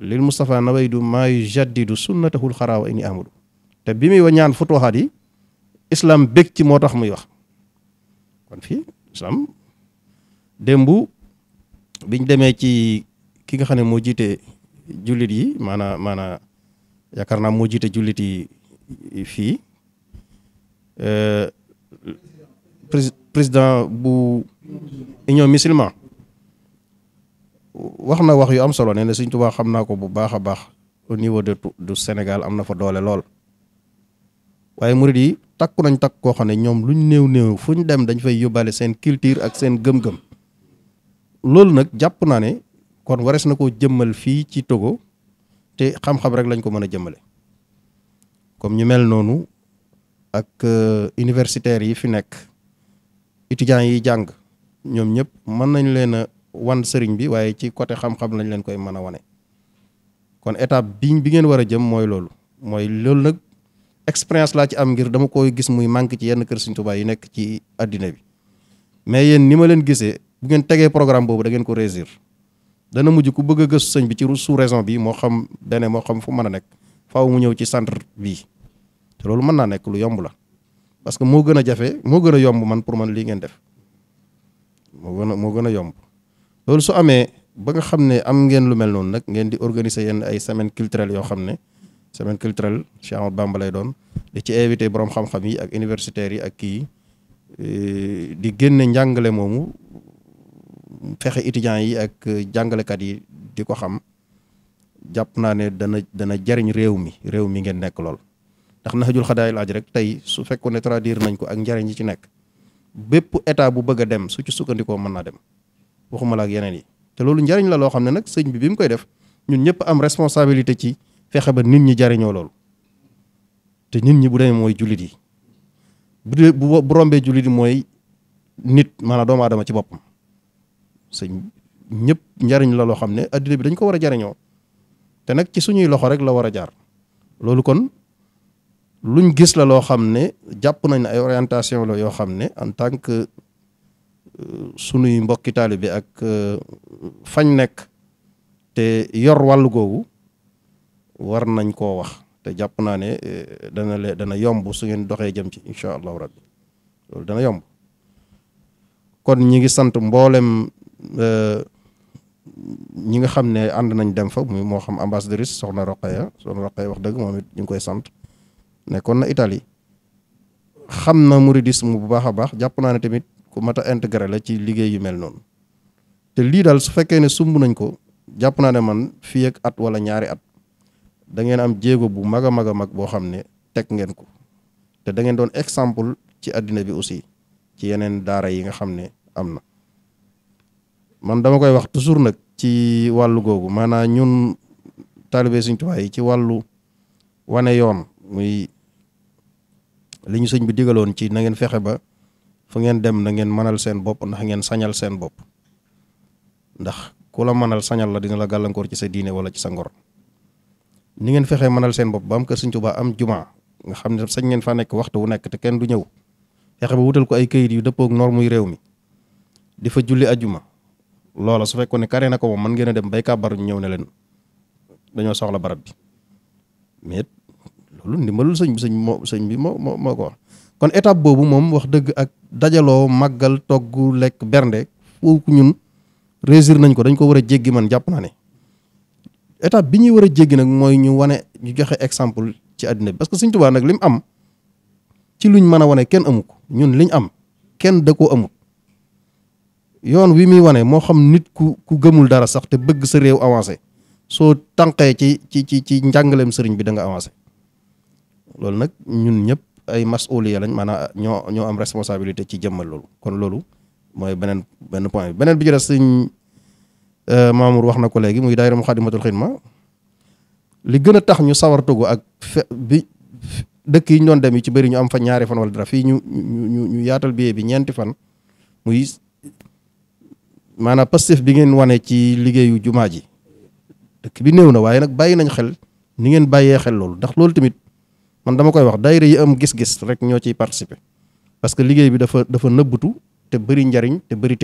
lil Moustapha nawaydu maa yu jaddidu sunnatahul ay ini ahmadu te bi muy wa ñaan futuhaat yi islam bég ci moo tax muy wax islam démb biñ demee ci ki nga xam ne moo jiite jullit yi maanaa maanaa yaakaar naa moo jiite jullit yi fii euh, président bu union musulman wax na wax yu am solo nee na Sëñ Tuubaa xam naa ko bu baax a baax au niveau de du Sénégal am na fa doole lool waaye murid takku nañ takk koo xam ne ñoom luñ néew néew fu ñu dem dañ fay yóbbaale seen culture ak seen gëm-gëm loolu nag jàpp naa ne kon warees na koo jëmmal fii ci Togo te xam-xam rek lañ ko mën a jëmmale comme ñu mel noonu ak euh, universitaires yi fi nekk étudiants yi jàng ñoom ñëpp mën nañ leen a wan sëriñ bi waaye ci côté xam-xam lañ leen koy mën a wane kon étape bi bi ngeen war a jëm mooy loolu mooy loolu nag expérience laa ci am ngir dama koy gis muy manque ci yenn kër Sëriñ Tuubaa yi nekk ci addina bi mais yéen ni ma leen gisee bu ngeen tegee programme boobu da ngeen ko réussir dana mujj ku bëgg a gëstu sëñ bi ci sous raison bi moo xam dene moo xam fu mën a nekk faaw mu ñëw ci centre bii te loolu mën naa nekk lu yomb la parce que moo gën a jafe moo gën a yomb man pour man lii ngeen def moo gën a moo gën a yomb loolu su amee ba nga xam ne am ngeen lu mel noonu nag ngeen di organiser yenn ay semaine culturelle yoo xam ne semaine culturelle Cheikh Ahmad lay doon di ci invité borom xam-xam yi ak universitaires yi ak kii yi e, di génne njàngale moomu fexe étudiants yi ak jàngalekat yi di ko xam jàpp naa ne dana dana jariñ réew mi réew mi ngeen nekk lool. ndax naxajul xadaay laaj rek tey su fekkoon ne traduire nañ ko ak njariñ yi ci nekk bépp état bu bëgg a dem su ci sukkandikoo mën naa dem waxuma ak yeneen yi te loolu njariñ la loo xam ne nag sëñ bi bi mu koy def ñun ñëpp am responsabilité ci. fexe ba nit ñi jariñoo loolu te nit ñi bu demee mooy jullit yi bu dee bu rombee jullit yi mooy nit maanaam doomu aadama ci boppam sëñ ñëpp njariñ la loo xam ne addina bi dañ ko war a jariñoo te nag ci suñuy loxo rek la war a jaar loolu kon luñ gis la loo xam ne jàpp nañ ay orientation la yoo xam ne en tant que euh, suñuy mbokki taalibe bi ak euh, fañ nekk te yor wàll googu war nañ koo wax te jàpp naa ne eh, dana le dana yomb su ngeen doxee jëm ci incha allahu rabbi loolu dana yomb kon ñi ngi sant mboolem eh, ñi nga xam ne ànd nañ dem fa muy moo xam ambassadrice soxna Roqaya soxna Roqaya wax dëgg moom it ñu ngi koy sant ne kon na itali xam na mouridisme bu baax a baax jàpp naa ne tamit ku mat a intégré la ci liggéey yu mel noonu te lii daal su fekkee ne sumb nañ ko jàpp naa ne man fii ak at wala ñaari at da ngeen am jéego bu mag a mag a mag boo xam ne teg ngeen ko te da ngeen doon exemple ci àddina bi aussi ci yeneen daara yi nga xam ne am na man dama koy wax toujours nag ci wàllu googu maanaam ñun taalibe suñ Tuubaa yi ci wàllu wane yoon muy li ñu sëñ bi digaloon ci na ngeen fexe ba fu ngeen dem na ngeen mënal seen bopp ndax ngeen sañal seen bopp ndax ku la manal sañal la dina la gàllankoor ci sa diine wala ci sa ngor ni ngeen fexee mënal seen bopp bam am kër sëñ Tuubaa am jumaa nga xam ne sañ ngeen fa nekk waxtu wu nekk te kenn du ñëw fexe ba wutal ko ay këyit yu dëppook norme yu réew mi di fa julli ajuma loolo su fekkoon ne kare na ko moom mën a dem bay kàbbaru ñëw ne leen dañoo soxla barab bi mais loolu ndimbalul sëñ sëñ moo sëñ bi moo moo moo ko kon étape boobu moom wax dëgg ak dajaloo màggal togg lekk bernde foofu ñun réussir nañ ko dañ ko war a jéggi man jàpp naa ne étape bi ñuy war a jéggi nag mooy ñu wane ñu joxe exemple ci àddina bi parce que Sëñ Tuubaa nag lim am ci luñ mën a wane kenn amu ko ñun liñ am kenn da koo amut yoon wi muy wane moo xam nit ku ku gëmul dara sax te bëgg sa réew avancé soo tànqee ci ci ci ci njàngaleem sëriñ bi da nga avancé loolu nag ñun ñëpp ay masuliya lañ maanaam ñoo ñoo am responsabilité ci jëmmal loolu kon loolu mooy beneen bi beneen bi Euh, Mamour wax na ko léegi muy daayira Muxaddamatul Xidma li gën a tax ñu sawar tugu ak bi dëkk yi ñu doon dem yi ci bëri ñu am fa ñaari fan wala dara fii ñu ñu ñu yaatal billet bi ñeenti fan muy maanaam pastif bi ngeen wane ci liggéeyu jumaa ji dëkk bi néew na waaye nag bàyyi nañ xel ni ngeen bàyyee xel loolu ndax loolu tamit man dama koy wax daayira yi am gis-gis rek ñoo ciy participer parce que liggéey bi dafa dafa nëbbutu te bëri njariñ te bëri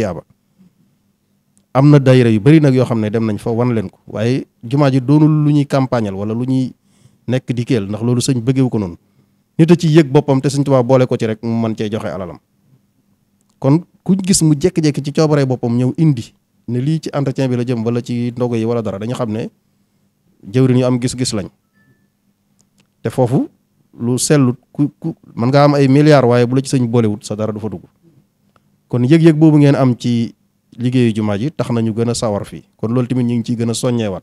am na daayira yu bëri nag yoo xam ne dem nañ fa wan leen ko waaye jumaa ji doonul lu ñuy campagnal wala lu ñuy nekk di keel ndax loolu sëñ bëggewu ko noonu nit a ci yëg boppam te sëñ Tuubaa boole ko ci rek mu joxe alalam kon kuñ gis mu jékki-jékki ci coobaree boppam ñëw indi ne lii ci entretien bi la jëm wala ci ndogo yi wala dara dañu xam ne jëwriñ ñu am gis-gis lañ te foofu lu sellut ku ku mën ngaa am ay milliards waaye bu la ci sëñ boolewut sa dara du fa dugg kon yëg-yëg boobu ngeen am ci liggéeyu jumaa ji tax nañu gën a sawar fii kon loolu tamit ñu ngi ciy gën a soññeewaat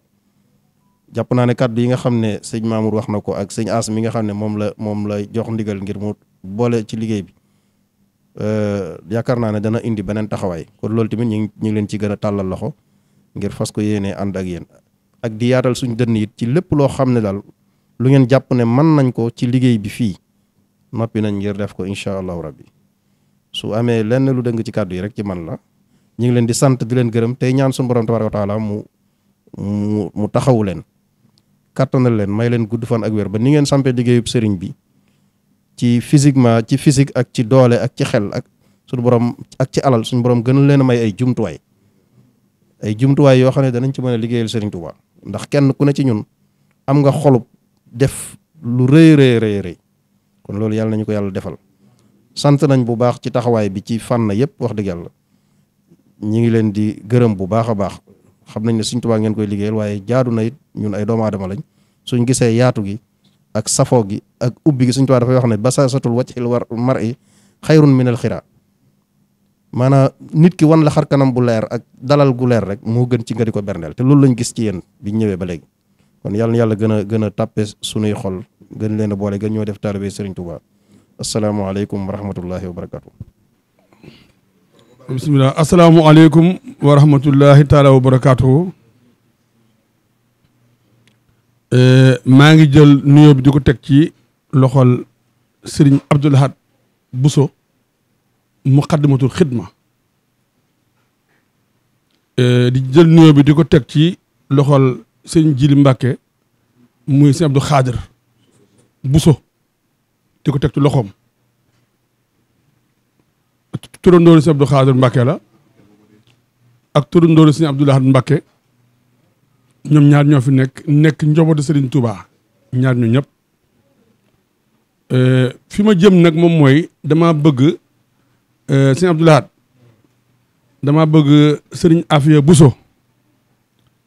jàpp naa ne kàddu yi nga xam ne sëñ Mamour wax na ko ak sëñ As mi nga xam ne moom la moom la jox ndigal ngir mu boole ci liggéey bi euh, yaakaar naa ne dana indi beneen taxawaay kon loolu tamit ñu ngi ñu leen ci gën a tàllal loxo ngir fas ko yéenee ànd ak yéen ak di yaatal suñ dënn it ci lépp loo xam ne daal lu ngeen jàpp ne man nañ ko ci liggéey bi fii noppi nañ ngir def ko incha allahu rabbi su amee lenn lu dëng ci kàddu yi rek ci man la ñu ngi leen di sant di leen gërëm tey ñaan suñu borom tabaaraka wa taala mu mu mu taxawu leen kattanal leen may leen gudd fan ak weer ba ni ngeen sampee liggéeyub sëriñ bi ci physiquement ci physique ak ci doole ak ci xel ak suñu borom ak ci alal suñu borom gën leen may ay jumtuwaay ay jumtuwaay yoo xam ne danañ ci mën a liggéeyal sëriñ Tuubaa ndax kenn ku ne ci ñun am nga xolub def lu rëy rëy rëy kon loolu yàlla nañu ko yàlla defal sant nañ bu baax ci taxawaay bi ci fànn yëpp wax dëgg yàlla ñi ngi leen di gërëm bu baax a baax xam nañ ne Sëriñ Tuubaa ngeen koy liggéey waaye jaadu na it ñun ay doomu aadama lañ suñ gisee yaatu gi ak safoo gi ak ubbi gi Sëriñ Tuubaa dafay wax ne basaasatul wajhil war mar i xayrun min al xira maanaam nit ki wan la xar kanam bu leer ak dalal gu leer rek moo gën ci nga di ko berndeel te loolu lañ gis ci yéen biñ ñëwee ba léegi kon yàlla na yàlla gën a gën a tàppe sunuy xol gën leen a boole gën ñoo def taalibe Sëriñ Tuubaa asalaamaaleykum wa rahmatullahi wa barakatu bisimilah assalaamu wa rahmatullahi taala wa barakaatu. Eh, maa ngi jël nuyoo bi di ko teg ci loxol sëriñ Abdou buso Bousso muqaddimatul xidma eh, di jël nuyoo bi di ko teg ci loxol sëriñ Jili Mbàkke muy sëriñ Abdou Xaadir Bousso di ko teg ci loxoom. turandoolu si Abdou Khadir Mbacke la ak turandoolu si Abdou Lahad Mbacke ñoom ñaar ñoo fi nekk nekk njobootu Serigne Touba ñaar ñu ñëpp euh, fi ma jëm nag moom mooy dama bëgg euh, Serigne Abdou Lahad dama bëgg Serigne Afia Bousso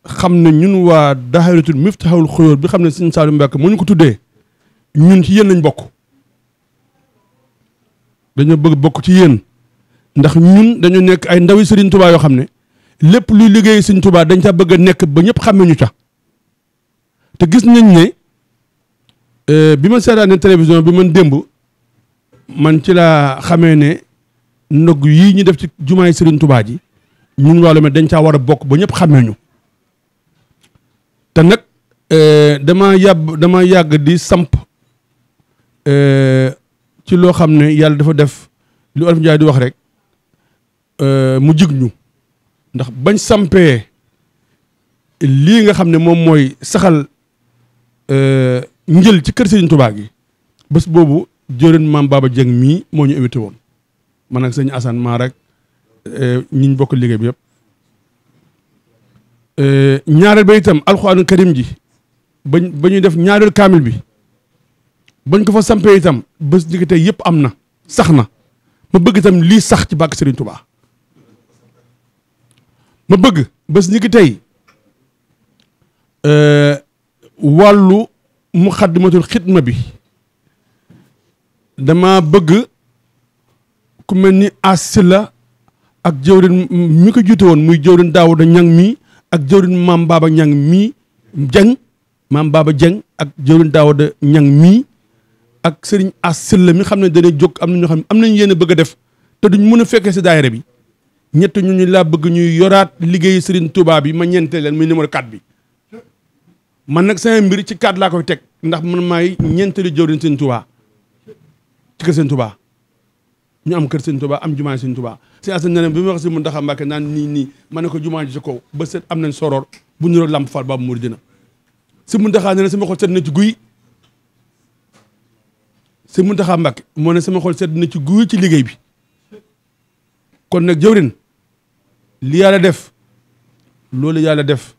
xam ne ñun waa daahiratul Miftahul Xuyóor bi xam ne Serigne Saliou Mbacke moo ñu ko tuddee ñun ci yéen lañ bokk dañoo bëgg bokk ci yéen ndax ñun dañoo nekk ay ndawi Serigne Touba yoo xam ne lépp luy liggéey Serigne Touba dañ ca bëgg a nekk ba ñëpp xàmme ñu ca te gis nañ ne euh, bi ma seetaanee télévision bi man démb man ci laa xamee ne ndog yii ñu def ci jumaay Serigne Touba ji ñun wàllu me dañ caa war a bokk ba ñëpp xàmmee ñu te nag euh, dama yàbb dama yàgg di samp euh, ci loo xam ne yàlla dafa def lu Olof Njaay di wax rek Euh, mu jig ñu ndax bañ sampee lii nga xam ne moom mooy saxal euh, njël ci kër Serigne Touba gi bés boobu jërën maam Baba Dieng mii moo ñu invité woon man ak sëñ Assane maa rek euh, ñiñ bokk liggéey bi yëpp ñaareel ba itam alxuraanu karim ji bañ bañuy def ñaareel kaamil bi bañ ko fa sampee itam bés ñi tey yëpp am na sax na ma bëgg itam lii sax ci bàkk Serigne tubaa ma bëgg bés ni ki tey euh, wàllu muxaddimatul xidma bi dama bëgg ku mel ni asila ak jëwrin mi ko jiite woon muy jëwrin Daawuda ñang mii ak jëwrin maam baaba ñang mii jeng maam baaba jeng ak jëwrin Daawuda ñang mii ak sëriñ asila mi xam ne dana jóg am na ñoo xam ne am nañ yéen a bëgg a def te duñ mën a fekkee si daayira bi ñett ñu ñu laa bëgg ñu yoraat liggéey Serigne tubaab yi ma ñeente leen muy numéro 4 bi man nag sama mbir ci 4 laa koy teg ndax man maay ñeenteelu jëwriñ Serigne Touba ci kër Serigne Touba ñu am kër Serigne Touba am jumaa Serigne Touba si si mun ndaxa naan nii nii ma ne ko jumaa ji ci kaw am nañ soror bu ñu lamp fal baabu murid dina si mun ndaxaa ne sama xol set na ci guy si mun ndaxaa Mbàkke moo ne sama xol set na ci guy ci liggéey bi kon nag jëwriñ li yàlla def loolu yàlla def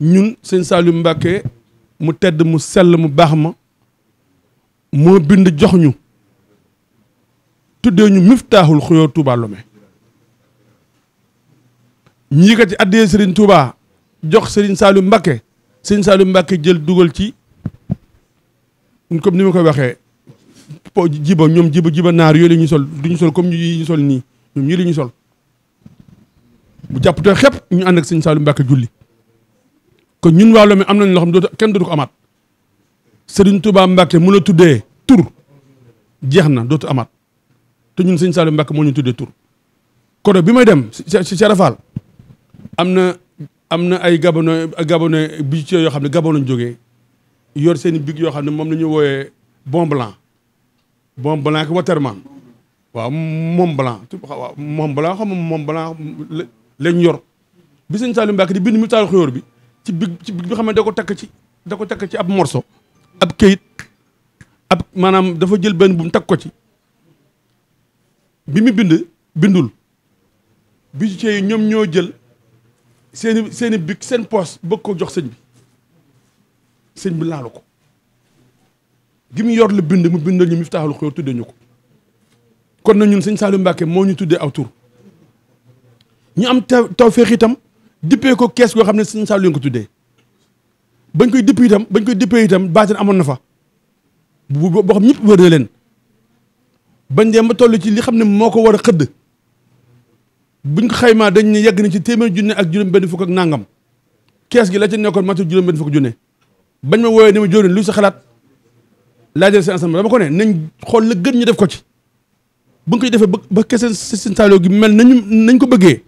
ñun sëñ Saliou Mbacké mu tedd mu sell mu baax ma moo bind jox ñu tuddee ñu miftaaxul xuyoo Touba Lomé ñi yëkkati addee Serigne Touba jox Serigne Saliou Mbacké Serigne Saliou Mbacké jël dugal ci comme ni ma koy waxee po jiba ñoom jiba jiba naar yooyu ñu sol sol ñu sol comme ñu yi ñu sol nii ñoom ñii la sol bu jàppatee xepp ñu ànd ak saalu Saliou Mbacke julli kon ñun waa Lomé am nañ loo xam dootu kenn dootu ko amaat Serigne Touba Mbacke mu tuddee tur jeex na dootu amaat te ñun sëñ Saliou Mbacke moo ñu tuddee tur. kodo bi may dem si Serafal am na am na ay gabono gabono bi ci yoo xam ne gabono ñu jógee yor seen i big yoo xam ne moom la ñu wooyee bon blanc bon blanc ak waterman waaw waaw moom blanc xam blanc. lañ yor bi sëñ Saliou di bind mi taalu bi ci bi ci bi nga xam ne da ko takk ci da ko takk ci ab morso ab këyit ab maanaam dafa jël benn bu mu takk ko ci bi mu bind bindul bijoutier yi ñoom ñoo jël seeni seeni big seen poos bëgg ko jox sëñ bi sëñ bi laalu ko gi mu yor la bind mu bindal ñu Miftahul Xuyuur tuddee ñu ko kon na ñun sëñ Saliou Mbacke moo ñu tuddee aw tur ñu am taw tawféex itam dippee ko kees goo xam ne sëñ Saliou ko tuddee bañ koy dipp itam bañ koy dippee itam baatin amoon na fa bu boo xam ñëpp wër na leen bañ dee ma toll ci li xam ne moo ko war a xëdd buñ ko xaymaa dañ ne yegg na ci téeméer junne ak juróom benn fukk ak nangam kees gi la ca nekkoon matu juróom benn fukk junne bañ ma woowee ne ma jóorin lu sa xalaat laajal seen ensemble dama ko ne nañ xool la gën ñu def ko ci bu koy defee ba ba kese seen gi mel nañu nañ ko bëggee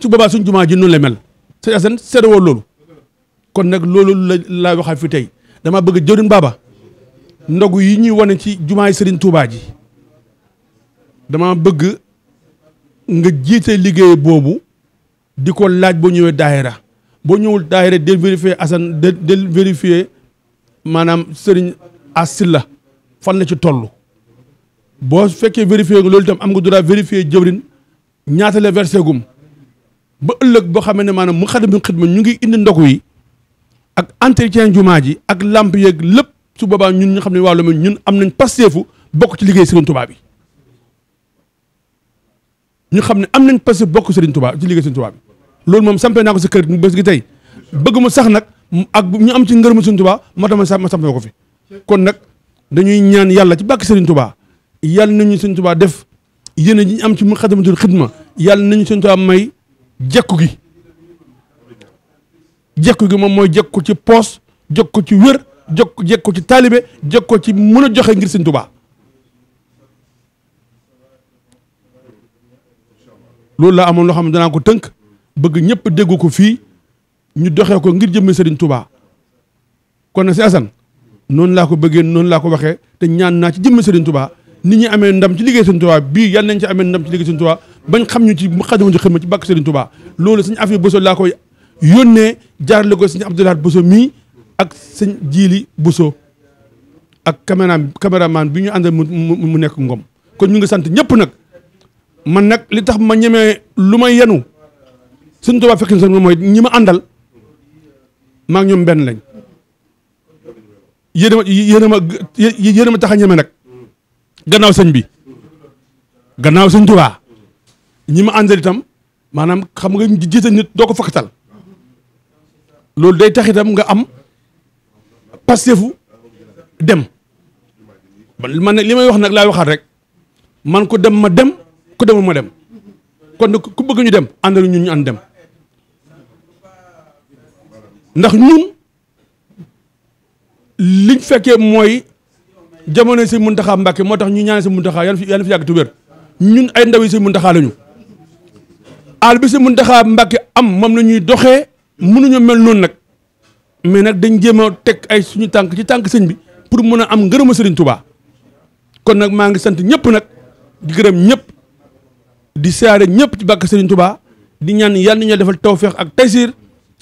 su boobaa suñ jumaa ji noonu la mel sëñ Assane seedewoo loolu kon nag loolu la laa waxaat fi tey dama bëgg jëriñ baaba ndogu yi ñuy wane ci jumaa Serigne Touba ji dama bëgg nga jiite liggéey boobu di ko laaj boo ñëwee daayira boo ñëwul daayira del vérifier Assane del del vérifier maanaam Serigne Asila fan la ci toll boo fekkee vérifier loolu itam am nga droit vérifier jëwrin ñaata la versé gum ba ëllëg boo xam ne maanaam mu xadam xidma ñu ngi indi ndogu yi ak entretien jumaa ji ak làmp yeeg lépp su boobaa ñun ñu xam ne wàllu ñun am nañ pasteefu bokk ci liggéey Serigne Touba bi ñu xam ne am nañ pasteefu bokk Serigne Touba ci liggéey Serigne Touba bi loolu moom sampee naa ko sa kër bés gi tey bëgg mu sax nag ak ñu am ci ngër Serigne Touba moo tax ma sa ma sampee ko fi kon nag dañuy ñaan yàlla ci bàkk Serigne tubaa yàlla na Serigne Touba def yéen a ñu am ci mu xadamatul xidma yàlla nañu Serigne Touba may jekku gi jekku gi moom mooy jekku ci poos jekku ci wér jekku jekku ci taalibe jekku ci mën a joxe ngir sëñ Tuubaa loolu laa amoon loo xam ne danaa ko tënk bëgg ñëpp déggu ko fii ñu doxee ko ngir jëmmi Sëriñ Tuubaa kon na si Asan noonu laa ko bëggee noon laa ko waxee te ñaan naa ci jëmmi Sëriñ Tuubaa nit ñi amee ndam ci liggéey Sëriñ Tuubaa bii yal nañ ci amee ndam ci liggéey Sëriñ Tuubaa bañ xam ñu ci xadama ci xëma ci bàkk Serigne Touba loolu suñu affaire Bousso laa koy yónnee jaarale ko suñu Abdoulaye Bousso mii ak sëñ Jili Bousso ak caméra caméraman bi ñu àndal mu mu nekk ngom kon ñu ngi sant ñëpp nag man nag li tax ma ñemee lu may yenu Serigne Touba fekk na mooy ñi ma àndal maa ñoom benn lañ yéen a yéen a ma yéen ma tax a ñeme nag gannaaw sëñ bi gannaaw sëñ Touba. ñi ma àndal itam maanaam xam nga jiite nit doo ko fakkatal loolu day taxitam itam nga am pastefu dem man nag li may wax nag laay waxaat rek man ko dem ma dem ko demul ma dem kon nag ko bëgg ñu dem àndal ñu ànd dem ndax ñun liñ fekkee mooy jamono si Muntaxa Mbàkke moo tax ñu ñaan si Muntaxa yàlla fi yàlla fi yàgg tu wér ñun ay ndaw yi si Muntaxa lañu aal bi mun Muntaxa Mbàkke am moom la ñuy doxee mënuñu mel noonu nag mais nag dañ jéem teg ay suñu tànk ci tànk sëñ bi pour mën a am ngërëma sëriñ Touba kon nag maa ngi sant ñëpp nag di gërëm ñëpp di siyaare ñëpp ci bàkk sëriñ Touba di ñaan yàlla nañu defal feex ak taysir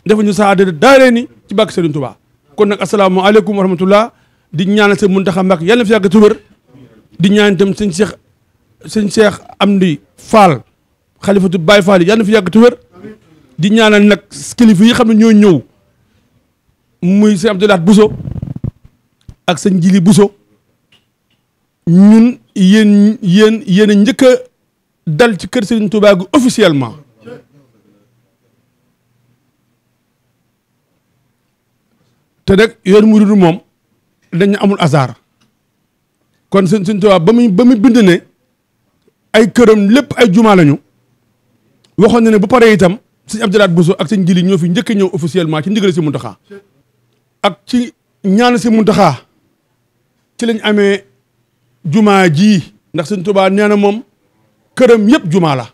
dafa ñu saada daaree ni ci bàkk sëriñ Touba kon nag asalaamaaleykum aleykum rahmatullah di ñaanal sëñ mun Mbàkke yàlla na fi yàgg tubër di ñaan itam sëñ Cheikh sëñ Cheikh di Fall xalifatu Baye Fall yi yal na fi yàgg te wér di ñaanal nag kilif yi xam ne ñoo ñëw muy sëñ Abdoulaat Bousso ak sëñ Jili buso ñun yéen yéen yéen a njëkk dal ci kër Serigne Touba gi officiellement te nag yoon mu dund moom dañu amul hasard kon Serigne Touba ba muy ba muy bind ne ay këram lépp ay jumaa lañu waxoon na ne bu paree itam sëñ Abdoulaye Bousso ak sëñ Jili ñoo fi njëkk ñëw officiellement ci ndigal si Muntaxa ak ci ñaan si Muntaxa ci lañ amee jumaa ji ndax sëñ Tuubaa nee na moom këram yëpp jumaa la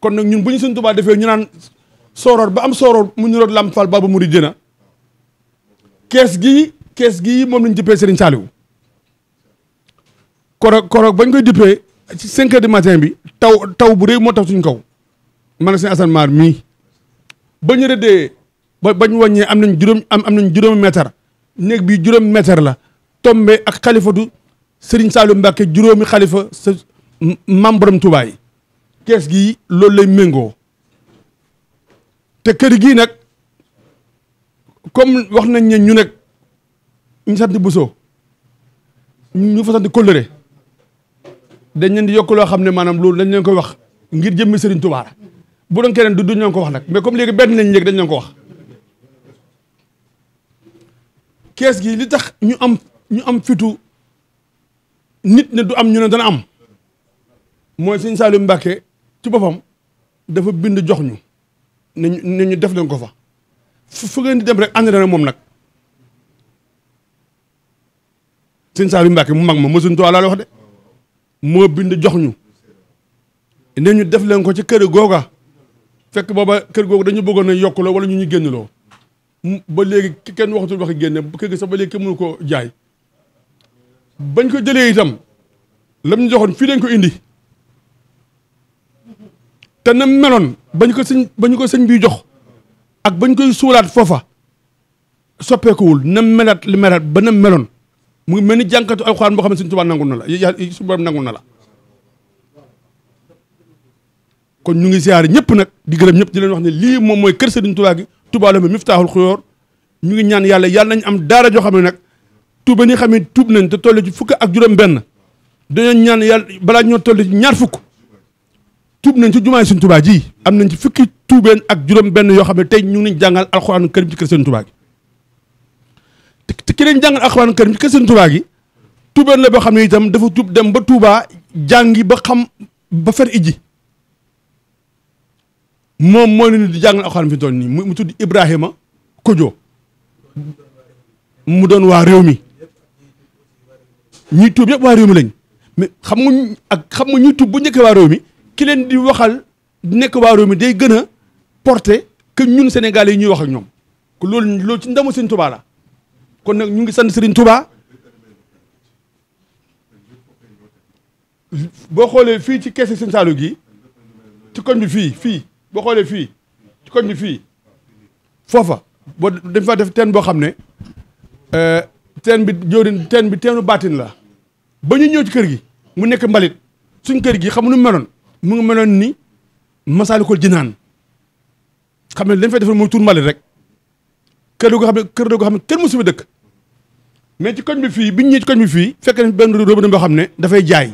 kon nag ñun bu ñu sëñ Tuubaa defee ñu naan sooroor ba am sooroor mu ñu root Lamp Fall Babu Mouridina kees gii kees gii moom lañ jëppee Serigne saaliw koro koro bañ koy dippee ci cinq heures du matin bi taw taw bu rëy moo tax suñ kaw man ak sëñ Assane mii ba ñu rëddee ba ba ñu am nañ juróom am am nañ juróomi mètre néeg bii juróom mètre la tombé ak xalifa du sëriñ Saliou Mbacke juróomi xalifa sa maam borom kees gi loolu lay méngoo te kër gii nag comme wax nañ ne ñu nag ñu sant Bousso ñu fa sant Kóllëre dañ leen di yokk loo xam ne maanaam loolu dañ leen koy wax ngir jëmmi sëriñ Touba bu doon keneen du duñ leen ko wax nag mais comme léegi benn lañ léegi dañ ko wax kees gi li tax ñu am ñu am fitu nit ne du am ñu ne dana am mooy sëñ Saliou Mbacke ci boppam dafa bind jox ñu def leen ko fa fu ngeen di dem rek ànd na moom nag sëñ Saliou Mbacke mu mag ma mësuñ tuwaa la wax de moo bind jox ñu ne ñu def leen ko ci kër googa fekk booba kër googu dañu bëggoon a yokkuloo wala ñu ñu génnloo ba léegi kenn waxatul waxi génne kër gi sax ba léegi kenn mënu ko jaay bañ ko jëlee itam lam ñu joxoon fii dañ ko indi te na meloon bañ ko sëñ bañ ko sëñ bi jox ak bañ koy suulaat foofa soppeekuwul na melaat li melaat ba na meloon mu ngi mel ni jànkatu alxuraan boo xam ne sëñ Tuubaa nangul na la yàlla su borom na la kon ñu ngi ziare ñëpp nag di gërëm ñëpp di leen wax ne lii moom mooy kër Serigne Touba gi Touba la miftaaxul xuyoor ñu ngi ñaan yàlla yàlla nañ am daara joo xam ne nag tuuba ni xam ne tuub nañ te toll ci fukk ak juróom benn dañoo ñaan yàlla balaa ñoo toll ci ñaar fukk tuub nañ ci jumaay Serigne Touba ji am nañ ci fukki tuubeen ak juróom benn yoo xam ne tey ñu ngi nañ jàngal alxuraanu karim ci kër Serigne Touba gi te ki leen jàngal alxuraanu karim ci kër Serigne Touba gi tuubeen la boo xam ne itam dafa tuub dem ba Touba jàngi ba xam ba fer moom moo leen di jàngal alxuraan fi toll nii mu tudd Ibrahima Kodjo mu doon waa réew mi ñuy yëpp waa réew mi lañ mais xam nga ak xam nga ñuy tuub bu njëkkee waa réew mi ki leen di waxal nekk waa réew mi day gën a porté que ñun Sénégalais yi ñuy wax ak ñoom loolu loolu ci ndamu Serigne Touba la kon nag ñu ngi sant Serigne Touba boo xoolee fii ci kees Serigne Saliou gi ci fii fii. boo xoolee fii ci koñ bi fii foofa boo dañ fa def teen boo xam ne euh, teen bi jóorin teen bi teenu baatin la ba ñu ñëw ci kër gi mu nekk mbalit suñ kër gi xam nu meloon mu ngi meloon ni masaalikul jinaan xam ne lañ fay defar mooy tuur mbalit rek kër doo ko xam ne kër doo ko xam ne kenn musu fi dëkk mais ci koñ bi fii bi ñu ñëwee koñ bi fii fekk nañ benn na boo xam ne dafay jaay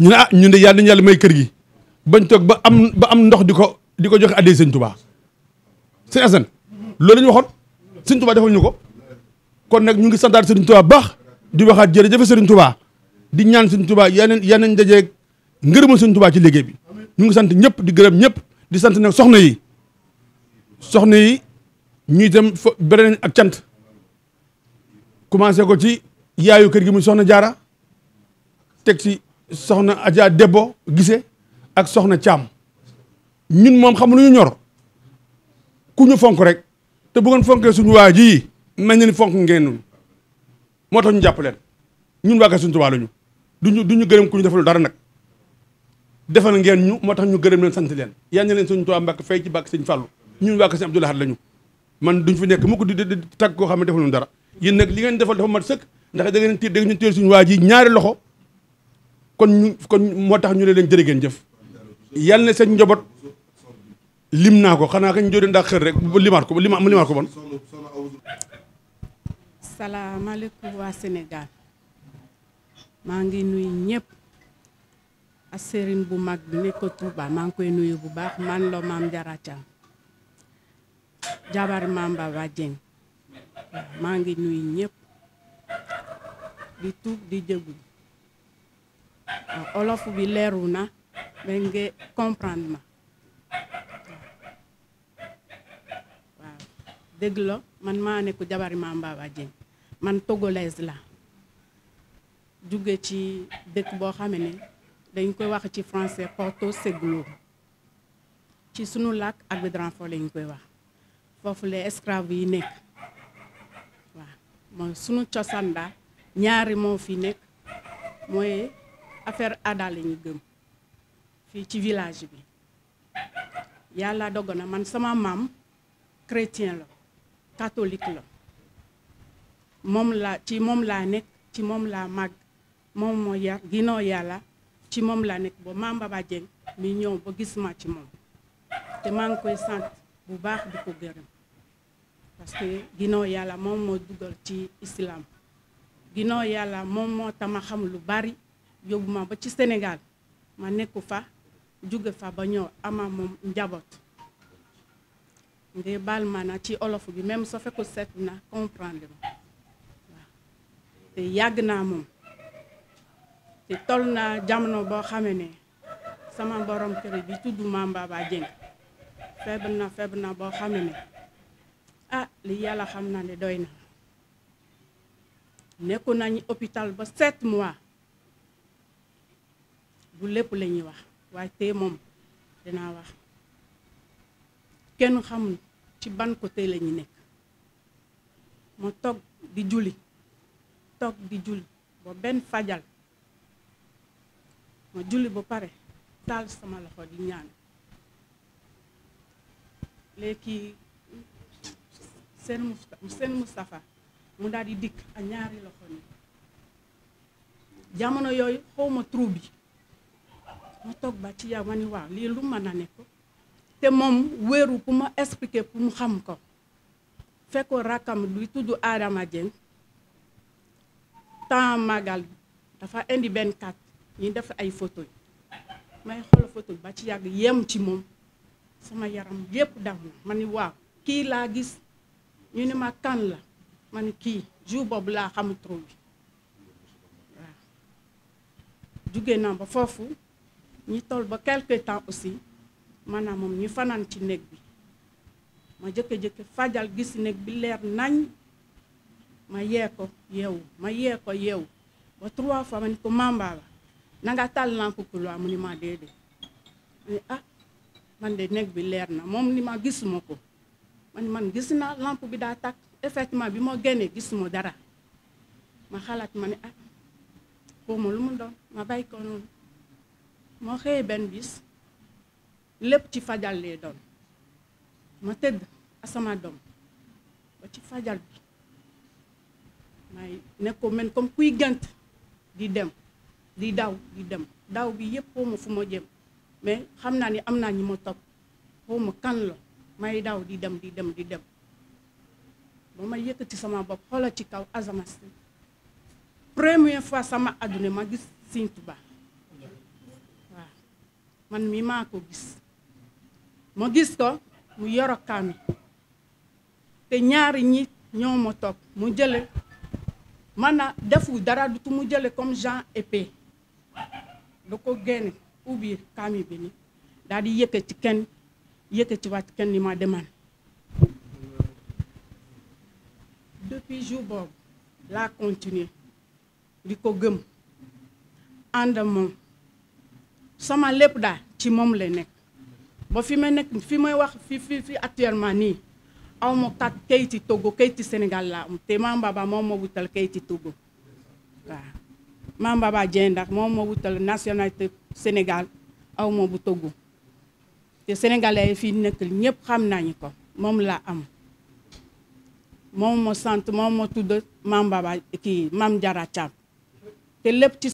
ñu ne ah ñun de yàlla yàlla may kër gi bañ toog ba am ba am ndox di ko di ko joxe addee sëñ Touba sëñ Assane loolu la ñu waxoon sëñ Touba defal ñu ko kon nag ñu ngi santaat sëriñ Touba baax di waxaat jërëjëf sëriñ Touba di ñaan sëriñ tubaa yeneen yeneen dajeeg ngërëmal sëriñ Touba ci liggéey bi ñu ngi sant ñëpp di gërëm ñëpp di sant nag soxna yi soxna yi ñuy itam fo beneen ak cant commencé ko ci yaayu kër gi muy soxna jaara teg ci soxna Adja Debbo gisee ak soxna Thiam ñun moom xam lu ñu ñor ku ñu fonk rek te bu ngeen fonkee suñu waa ji mel na ni fonk ngeen ñun moo tax ñu jàpp leen ñun waa suñu tubaab la ñu duñu duñu gërëm ku ñu defal dara nag defal ngeen ñu moo tax ñu gërëm leen sant leen yal na leen suñu tubaab mbàkk fay ci bàkk sëñ Fallou ñun waa sëñ Abdou Lahad la ñu man duñ fi nekk mu ko di tag koo xam ne defal ñu dara yéen nag li ngeen defal dafa mat sëkk ndax da ngeen tiir da ngeen tiir suñu waa ji ñaari loxo kon ñu kon moo tax ñu ne leen jërë ngeen jëf yal na seen njaboot lim naa ko xanaa kañ jóge ndax xër rek limaat ko lima limaat ko bon. salaamaaleykum waa Sénégal maa ngi nuyu ñëpp ak sëriñ bu mag bi nekk Touba maa ngi koy nuyu bu baax man la maam Diarra jabar maam Baba Dieng maa ngi nuyu ñëpp di tuub di jégul olof bi leeru na. ba nga comprendre ma waaw dëgg la man maa nekk jabari Mame Baba Dieng man togoles la jóge ci dëkk boo xam ne dañ koy wax ci français Porto Seguro ci sunu làkk ak Bedranfo lañ koy wax foofu les esclaves yi nekk waaw mooy sunu cosaan daal ñaari moo fi nekk mooy affaire aada la ñu fii ci village bi yàlla dogal na man sama maam chrétien la katolik la moom laa ci moom laa nekk ci moom laa màgg moom moo yar ginnaaw yàlla ci moom laa nekk ba maam Baba Dieng mi ñëw ba gis ma ci moom te maa ngi koy sant bu baax di ko gërëm parce que ginnaaw yàlla moom moo dugal ci islam ginnaaw yàlla moom moo ma xam lu bari yóbbu ma ba ci Sénégal ma nekku fa jóge fa ba ñëw ama moom njaboot nga baal maana ci olof bi même soo fekku seet na comprendre ma te yàgg naa moom te toll naa jamono boo xamee ne sama borom kër bi tudd Mame Baba Dieng feebar na feebar na boo xamee ne ah li yàlla xam naa ne doy na nekku nañu hôpital ba sept mois bu lépp la ñuy wax waaye tey moom dinaa wax kenn xamul ci ban côté la ñu nekk ma toog di julli toog di julli ba benn fajal ma julli ba pare taal sama loxo di ñaan léegi seen musta mu daal di dikk ak ñaari loxo ni jamono yooyu xawma trou ma toog ba ci yaa ma ni waaw lii lu mën a nekk te moom wéeru pour ma expliquer bu mu xam ko fekkoo rakkam luy tudd Adama Dieng temps magal dafa indi benn kat ñu def ay photo yi may xool photo ba ci yàgg yem ci moom sama yaram yépp daw na ma ni waaw kii laa gis ñu ne ma kan la ma ni kii jour boobu laa xam trop bi waaw jugee naa ba foofu ñi toll ba quelque temps aussi maanaam moom ñu fanaan ci néeg bi ma jëkke-jëkke fajal gis néeg bi leer nañ ma yee ko yeewu ma yee ko yeewu ba trois fois ma ni ko mambaaba na nga tàll naa ko couloir mu ni ma déedéet ma ni ah man de néeg bi leer na moom ni ma gisuma ko man man gis naa lampe bi daa tàkk effectivement bi moo génnee gisuma dara ma xalaat ma ni ah xawma lu mu doon ma bàyyi ko noonu moo xëyee benn bis lépp ci fajal lay doon ma tëdd sama doom ba ci fajal bi may nekkoo ko mel comme kuy gant di dem di daw di dem daw bi yëpp xaw ma fu ma jëm mais xam naa ni am naa ñi ma topp xaw ma may daw di dem di dem di dem ba ma yëkkati sama bopp xoolal ci kaw Asamaan si première fois sama àdduna ma gis Sëñ Tuubaa man mii maa ko gis moo gis ko mu yoro kaami te ñaari ñi ñoo ma mu jële man deful dara du mu jële comme Jean épée da ko génne ubbi kaami bi ni daal di yëkkati kenn yëkkati waat kenn li ma demaan depuis jour boobu laa continuer di ko gëm ànd moom sama lépp daal ci moom lay nekk ba fi may nekk fi may wax fi fi fi actuellement nii aw ma kat kayiti Togo kayiti Sénégal laa am te maam baba moom ma wutal kayiti Togo waaw baba Dieng ndax moom ma wutal nationalité Sénégal aw ma bu Togo te sénégalais yi fii nekk ñëpp xam nañu ko moom laa am moom ma sant moom ma tudd maam baba kii maam Jara Thiam te lépp ci